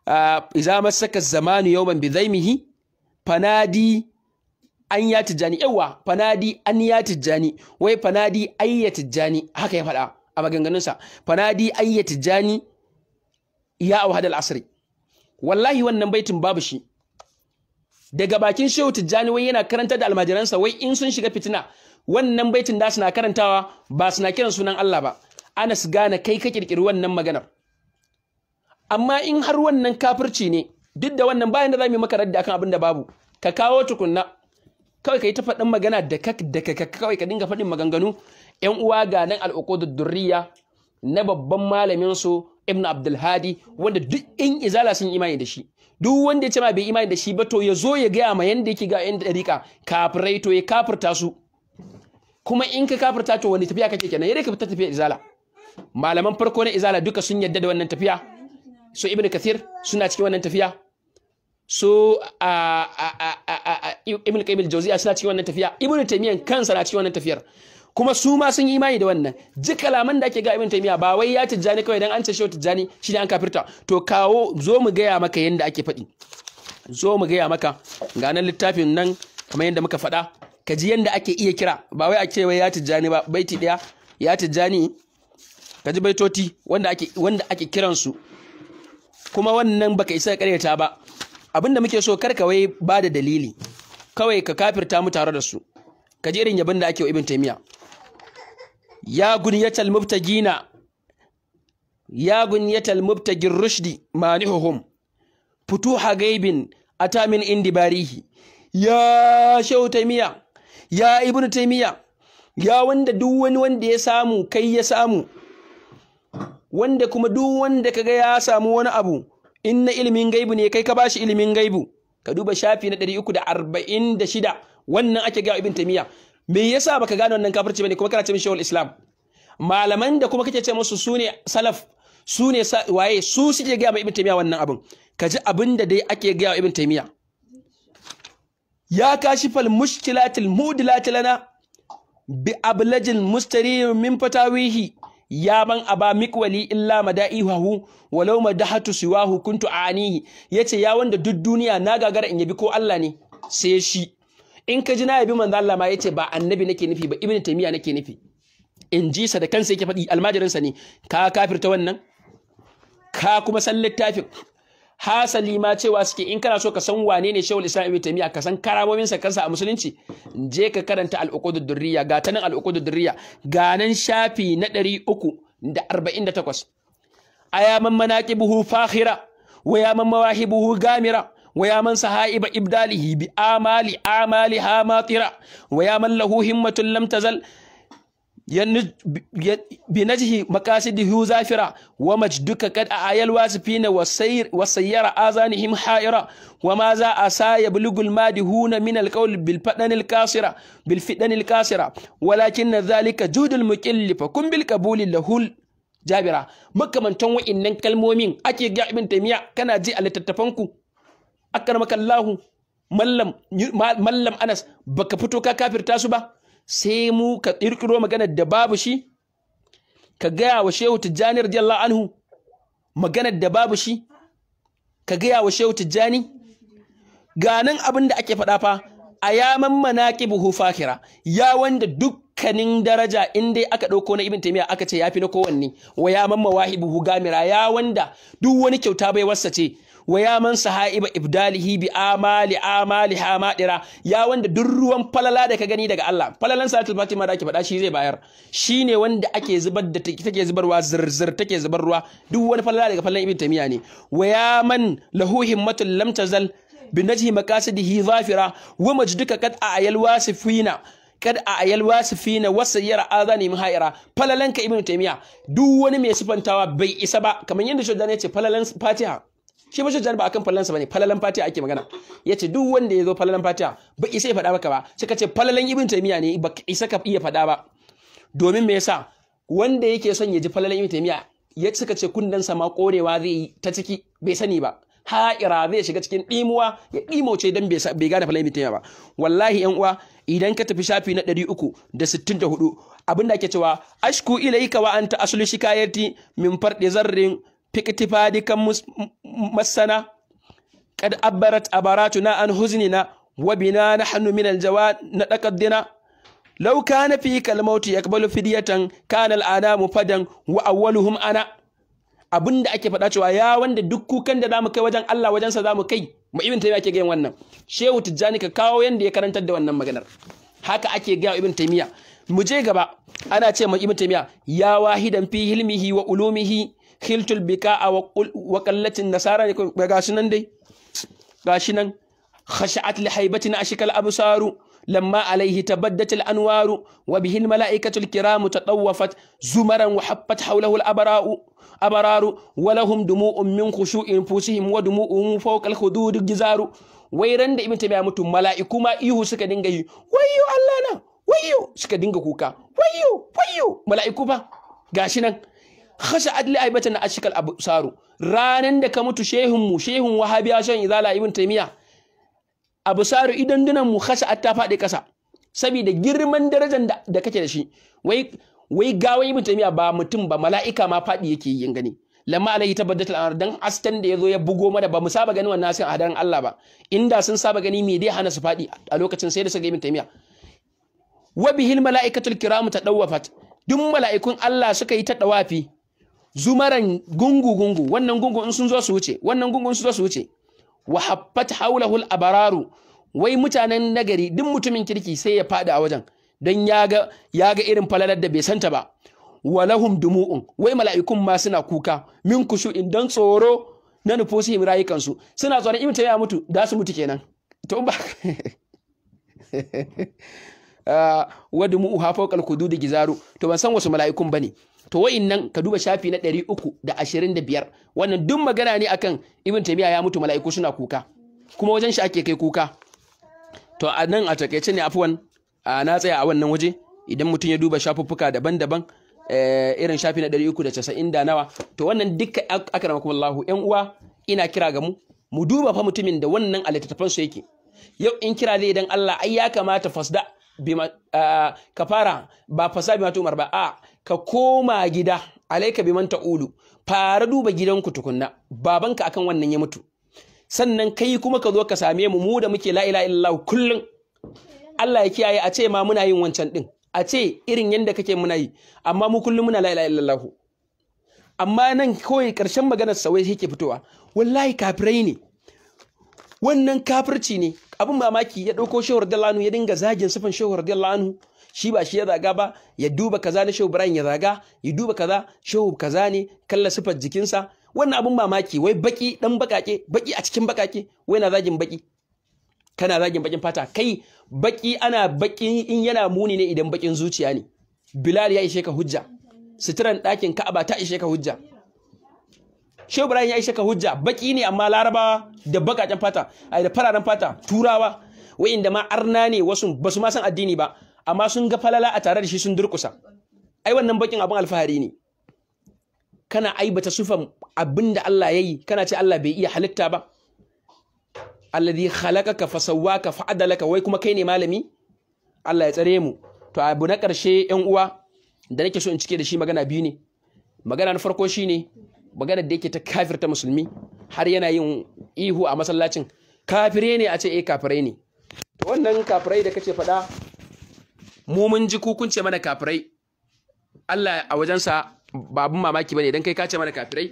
ah, iza masaka zamanu ban bi zaimihi fanadi an ya tijjani yawa fanadi an ya tijjani wai fanadi ai ya tijjani haka ya faɗa a maganganunsa fanadi ai ya tijjani ya awhad asri wallahi wannan baitin babu shi daga bakin shehu tijjani wai yana karanta da almajiransa wai in sun shiga fitina wannan baitin da suna karantawa ba suna kiran sunan Allah ba Anas gane kai ka kirkiri wannan maganar amma in har wannan kafirci ne duk da wannan bayan da za mu yi maka raddi akan abin da babu ka kawo tukunna kawai ka yi ta faɗin magana da ka da ka kawai ka dinga faɗin maganganu 'yan uwa ga nan al'uqudud durriya na babban malamin su ibn abdul hadi wanda duk in izala sun imani da shi duk wanda ya ce ma bai imani da shi ba to ya zo ya gaya ma yanda yake ga yan dariƙa kafirai to ya kafirta su kuma in ka kafirta to wani tafiya kake kenan yadda ka fita tafiya izala malaman farko na izala duka sun yadda da wannan tafiya so ibn kathir suna cikin wannan tafiya so a ibn qayyim al-jawziya suna cikin wannan tafiya ibn taymiyyah kansa na cikin wannan tafiyar kuma su ma sun yi imani da wannan ji kalaman da ake ga ibn taymiya ba wai ya tijjani kawai dan an ce shi tijjani shi ne an kafirta to kawo zo mu gaya maka yanda ake faɗi zo mu gaya maka ga nan littafin nan kamar yadda muka faɗa ka ji yadda ake iya kira ba wai a ce wai ya tijjani ba baiti ɗaya ya tijjani ka ji baitoti wanda ake wanda ake kiran su kuma wannan baka isa ƙaryata ba abinda muke so kar ka wai ba da dalili kawai ka kafirta mu tare da su ka ji irin yabin da ake wa ibn taymiya ya gunyatal Gina, ya gunyatal mubtagir rushdi manihuhum futuha gaibin atamin indi barihi ya shehu taimiya ya ibnu taimiya ya wanda duk wanda ya samu kai ya samu wanda kuma duk wanda kaga ya samu wani abu inna na ilimin gaibu ne kai ka bashi ilimin gaibu ka duba shafi na 346 wannan ake ga ibn taimiya me yasa baka gane wannan kafirci bane kuma kana ce min islam malaman da kuma kake ce musu sune salaf sune waye su suke gaya ma ibn taymiya wannan abin kaji abin da dai ake gaya wa ibn taymiya ya kashifal mushkilatil mudilat lana bi ablajil mustarir min fatawihi ya ban aba mikwali illa mada'ihu walau madahatu siwahu kuntu anihi yace ya wanda duk duniya na gagara in yabi ko Allah ne sai shi in ka ji na yabi manzo Allah ma yace ba annabi nake nufi ba ibnu taymiya nake nufi in ji sa da kansa yake faɗi sa ne ka kafirta wannan ka kuma san littafin hasali ma cewa suke in kana so ka san wane ne shawul islam ibn taymiya ka san karamomin sa kansa a musulunci je ka karanta al-uqudud durriya ga tanan al-uqudud durriya ga nan shafi na da 348 ayaman manaqibuhu fakhira wa yaman mawahibuhu gamira ويا من سهائب إبداله بآمال آمالها ماطرة ويا من له همة لم تزل بنجه مقاصده زافرة ومجدك قد أعيا الواسفين والسير والسيارة آذانهم حائرة وماذا أسا يبلغ المادهون من القول بالفتن الكاسرة بالفتن الكاسرة ولكن ذلك جهد المكل فكن بالقبول له جابرة مكمن تنوي إنن كلمومين أكي قاعد من تيمية كان جي على تتفنكو akarmaka Allahu mallam Anas Anas baka fito ka kafirta su ba sai mu ka ƙirƙiro magana da babu shi ka gaya wa Shehu Tijjani radiyallahu anhu maganar da babu shi ka gaya wa Shehu Tijjani ganin abin da ake faɗa fa a yaman buhu fakira ya wanda dukkanin daraja in dai aka ɗauko na ibn taimiyar aka ce ya fi na kowanne wa yaman buhu gamira ya wanda duk wani kyauta bai wasa ce wa ya man sahaiba ibdalihi bi amali amali hamadira ya wanda duk ruwan falala da ka gani daga Allah falalan salatul fatima da ake faɗa shi zai bayar shine wanda ake zubar da take zubarwa zirzir take zubar ruwa. duk wani falala daga falalan ibn tamiya ne wa ya man lahu himmatul lam tazal bi najhi maqasidihi zafira wa majduka qad ayal wasifina kad a ayal wasifina wasayyara azani min ha'ira falalanka ibnu taymiya duk wani mai sifantawa bai isa ba kamar yadda shaddan ya ce falalan fatiha shi bashir jihar ba akan falalansa bane falalan fatiha ake magana ce duk wanda ya zo falalan fatiha ba isa ya faɗa maka ba suka ce falalan ibn taymiya ne ba isa ka iya faɗa ba domin me yasa wanda yake son ya ji falalan ibn taymiya ya suka ce kundan ma korewa zai yi ta ciki bai sani ba ha'ira zai shiga cikin ɗimuwa ya ɗimauce don bai gane ibn taimiya ba wallahi yan uwa idan ka tafi shafi na ɗari uku da da sittin Abin abinda ake cewa ashku ilaika wa anta aslu shikayati min fardi zarrin fiqtifadikan masana abarat abaratu na an huznina wa bina nahnu min aljawa nadaqaddina law kana fi kalmauti yakbalu fidyatan kana al'anamu fadan wa awwaluhum ana abinda ake faɗa cewa ya wanda duk kukan da zamu kai wajen Allah wajensa zamu kai mu ibn taymiya ke ga wannan shehu tijjani ka kawo yanda ya karantar da wannan maganar haka ake ga ibn taymiya mu je gaba ana ce ma ibn taymiya ya wahidan fi hilmihi wa ulumihi khiltul bika a wakallacin nasara ne shi nan dai shi nan khashi'at li haibatin ashkal absaru lamma alaihi tabaddat al anwaru wa bihi al mala'ikatu al kiram tatawafat zumaran wa habbat hawlahu al abara'u abararu wa lahum dumu'un min khushu'i anfusihim wa dumu'un fawqa al khudud gizaru wairan da ibn tabiya mutum mala'iku ma ihu suka dinga yi wayyo Allah na wayyo suka dinga kuka wayyo wayyo mala'iku ba. gashi nan khasha adli aibatan ashikal absaru ranan da ka mutu shehun mu shehun wahabiya shan izala ibn taymiya absaru idan dunan mu ta faɗi kasa saboda girman darajar da kake da shi wai wai gawan ibn taymiya ba mutum ba mala'ika ma faɗi yake yin gani lamma alaihi tabaddatul amr dan astan da zo ya bugo mana ba mu saba ganin wannan sai a hadarin Allah ba inda sun saba gani me dai hana su faɗi a lokacin sai da suka ibn taymiya wa bihil mala'ikatul ɗauwa fat. duk mala'ikun Allah suka yi ta ɗawafi zumaran gungu gungu wannan gungu in sun zo su wuce wannan gungu in sun zo su wuce wa haffat haulahu abararu wai mutanen nagari duk mutumin kirki sai ya fada a wajen don ya ga ya ga irin falalar da bai santa ba walahum dumu'un wai mala'ikun ma suna kuka min in don tsoro na nufosihim rayukansu suna tsoron in ya mutu da su mutu kenan to ba ah, wa dumu'u hafa kalkudu da gizaru to ban san wasu mala'ikun bane to nan ka duba shafi na ɗari uku da ashirin da biyar wannan duk magana ne akan ibn taimiya ya mutu mala'iku suna kuka kuma wajen shi ake kai kuka to a nan a takaice ne afuwan na tsaya a wannan waje idan mutum ya duba shafuffuka daban-daban eh, irin shafi na ɗari uku da casa'in da nawa to wannan duka akara kuma Allahu Yan uwa ina kira ga mu mu duba fa mutumin da wannan a littattafansu yake yau in kira zai idan Allah ai ya kamata fasda bima kafara ba fasa bima tumar ba a ka koma gida alaika bi man ta'ulu fara duba gidanku tukunna babanka akan wannan ya mutu sannan kai kuma ka zo ka same mu mu da muke la ilaha illallah kullun Allah ya kiyaye a ce ma muna yin wancan din a ce irin yadda kake muna yi amma mu kullum muna la ilaha illallah amma nan kawai karshen maganar sa wai yake fitowa wallahi kafirai ne wannan kafirci ne abin mamaki ya dauko shehu radiyallahu ya dinga zagin sifan shehu radiyallahu shi ba shi ya zaga ba ya duba kaza na shehu ya zaga ya duba kaza shehu kaza ne kalla sifar jikinsa wannan abun mamaki wai baki dan bakake baki a cikin bakake wai na zagin baki kana zagin bakin fata kai baki ana baƙi in yana muni ne idan bakin zuciya ne bilal ya ishe ka hujja sitiran ɗakin ka'aba ta ishe ka hujja shehu ibrahim ya ishe ka hujja baki ne amma larabawa da bakaken fata ai da fararen fata turawa wa'inda ma arna ne wasu basu ma san addini ba amma sun ga falala a tare da shi sun durkusa ai wannan bakin abin alfahari ne kana aibata sufan abin da Allah ya yi kana ce Allah bai iya halitta ba alladhi khalaqaka fa adalaka wai kuma kai ne malami Allah ya tsare mu to abu na karshe yan uwa da nake so in cike da shi magana biyu ne magana na farko shine magana da yake ta kafirta musulmi har yana yin ihu a masallacin kafire ne a ce eh kafire ne to wannan kafirai da kace faɗa mu mun ji ku ce mana kafirai Allah a wajensa ba mamaki bane idan kai ka ce mana kafirai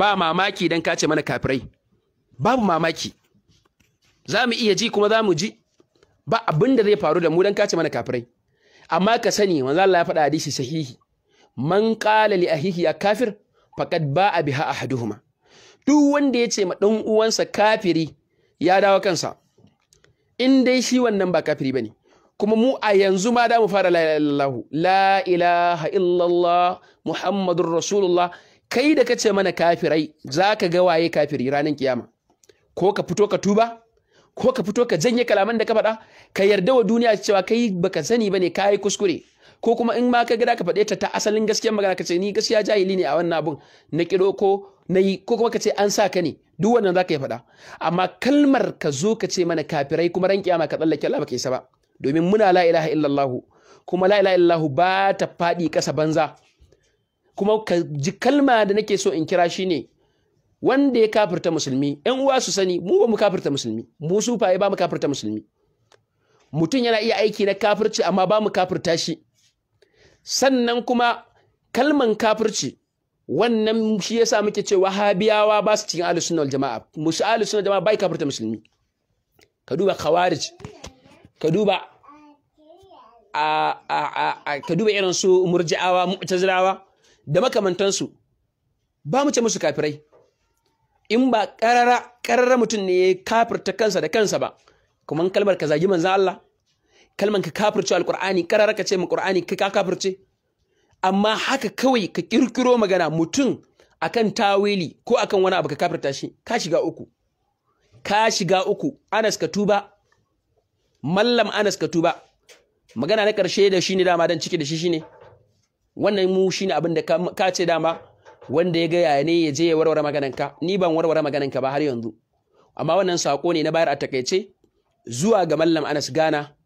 ba mamaki idan ka ce mana kafirai babu mamaki za mu iya ji kuma za mu ji ba abin da zai faru da mu dan kace mana kafirai amma ka sani manzo Allah ya faɗa hadisi sahihi man qala li ahihi ya kafir faqad ba'a biha ahaduhuma duk wanda ya ce ma dan uwansa kafiri ya dawo kansa in dai shi wannan ba kafiri bane kuma mu a yanzu ma da mu fara la ilaha la ilaha illallah muhammadur rasulullah kai da kace mana kafirai zaka ga waye kafiri ranar kiyama ko ka fito ka tuba ko ka fito ka janye kalaman da ka faɗa ka yarda wa duniya cewa kai baka sani bane kai kuskure ko kuma in ma ka gida ka faɗe ta ta asalin gaskiyar magana ka ce ni gaskiya jahili ne a wannan abun na kiro ko na yi ko kuma ka ce an sa ka ne duk wannan za ka yi faɗa amma kalmar ka zo ka ce mana kafirai kuma ran kiyama ka tsallake Allah baka isa ba domin muna la ilaha illallahu kuma la ilaha illallahu ba ta faɗi ƙasa banza kuma ka ji kalma da nake so in kira shi ne wanda ya kafirta musulmi ƴan uwa su sani mu ba mu kafirta musulmi mu sufaye ba mu kafirta musulmi mutum yana iya aiki na kafirci amma ba mu kafirta shi sannan kuma kalman kafirci wannan shi yasa muke cewa wahabiyawa ba su cikin ahlus sunna wal jama'a musu ahlus sunna jama'a bai kafirta musulmi ka duba khawarij ka duba ka duba irin su murji'awa mu'tazilawa da makamantansu ba mu ce musu kafirai in ba karara karara mutum ne ya kafirta kansa da kansa ba kuma kalmar ka zagi manzo Allah kalmar ka kafirce alqur'ani karara ka ce mu qur'ani ka kafirce amma haka kawai ka kirkiro magana mutum akan tawili ko akan wani abu ka kafirta shi ka shiga uku ka shiga uku Anas ka tuba mallam anas ka tuba magana na karshe da shi ne dama don ciki da shi shi ne wannan mu ne abin da ka ce dama wanda ya ga 'Yaya ne ya je ya warware magananka ni ban warware magananka ba har yanzu amma wannan sako ne na bayar a takaice zuwa ga mallam anas gana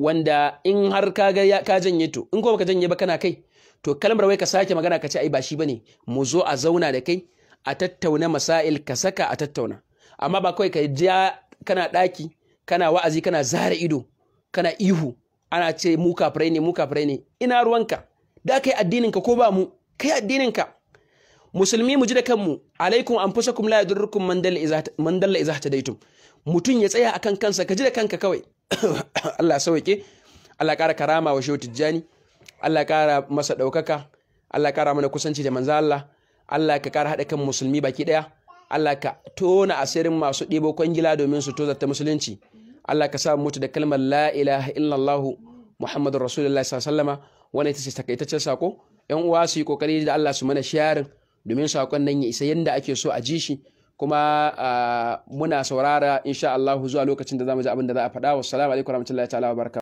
wanda in har ka ga ka janye to in ko ka janye ba kana kai to kalmar wai ka sake magana ka ce ai ba shi bane mu zo a zauna da kai a tattauna masail ka saka a tattauna amma ba kawai ka ja kana ɗaki kana wa'azi kana zara ido kana ihu ana ce mu kafirai ne mu kafirai ne ina ruwanka da kai addinin ka ko ba mu kai addinin ka musulmi mu ji da kanmu alaikum anfusakum la yadurrukum man dalla iza man dalla iza ya tsaya akan kansa ka ji da kanka kawai Allah sauke Allah ƙara karama wa shehu tijjani Allah ƙara masa ɗaukaka Allah ƙara mana kusanci da manzo Allah Allah ka ƙara haɗa kan musulmi baki ɗaya Allah ka tona asirin masu ɗebo kwangila domin su tozarta musulunci Allah ka sa mutu da kalmar la ilaha illallah Muhammadur Rasulullah sallallahu alaihi wannan ita ce takaitaccen sako yan uwa su yi kokari da Allah su mana sharing domin sakon nan ya isa yanda ake so a ji shi kuma muna saurara insha Allah zuwa lokacin da zamu ji abin da za a faɗa wassalamu alaikum warahmatullahi ta'ala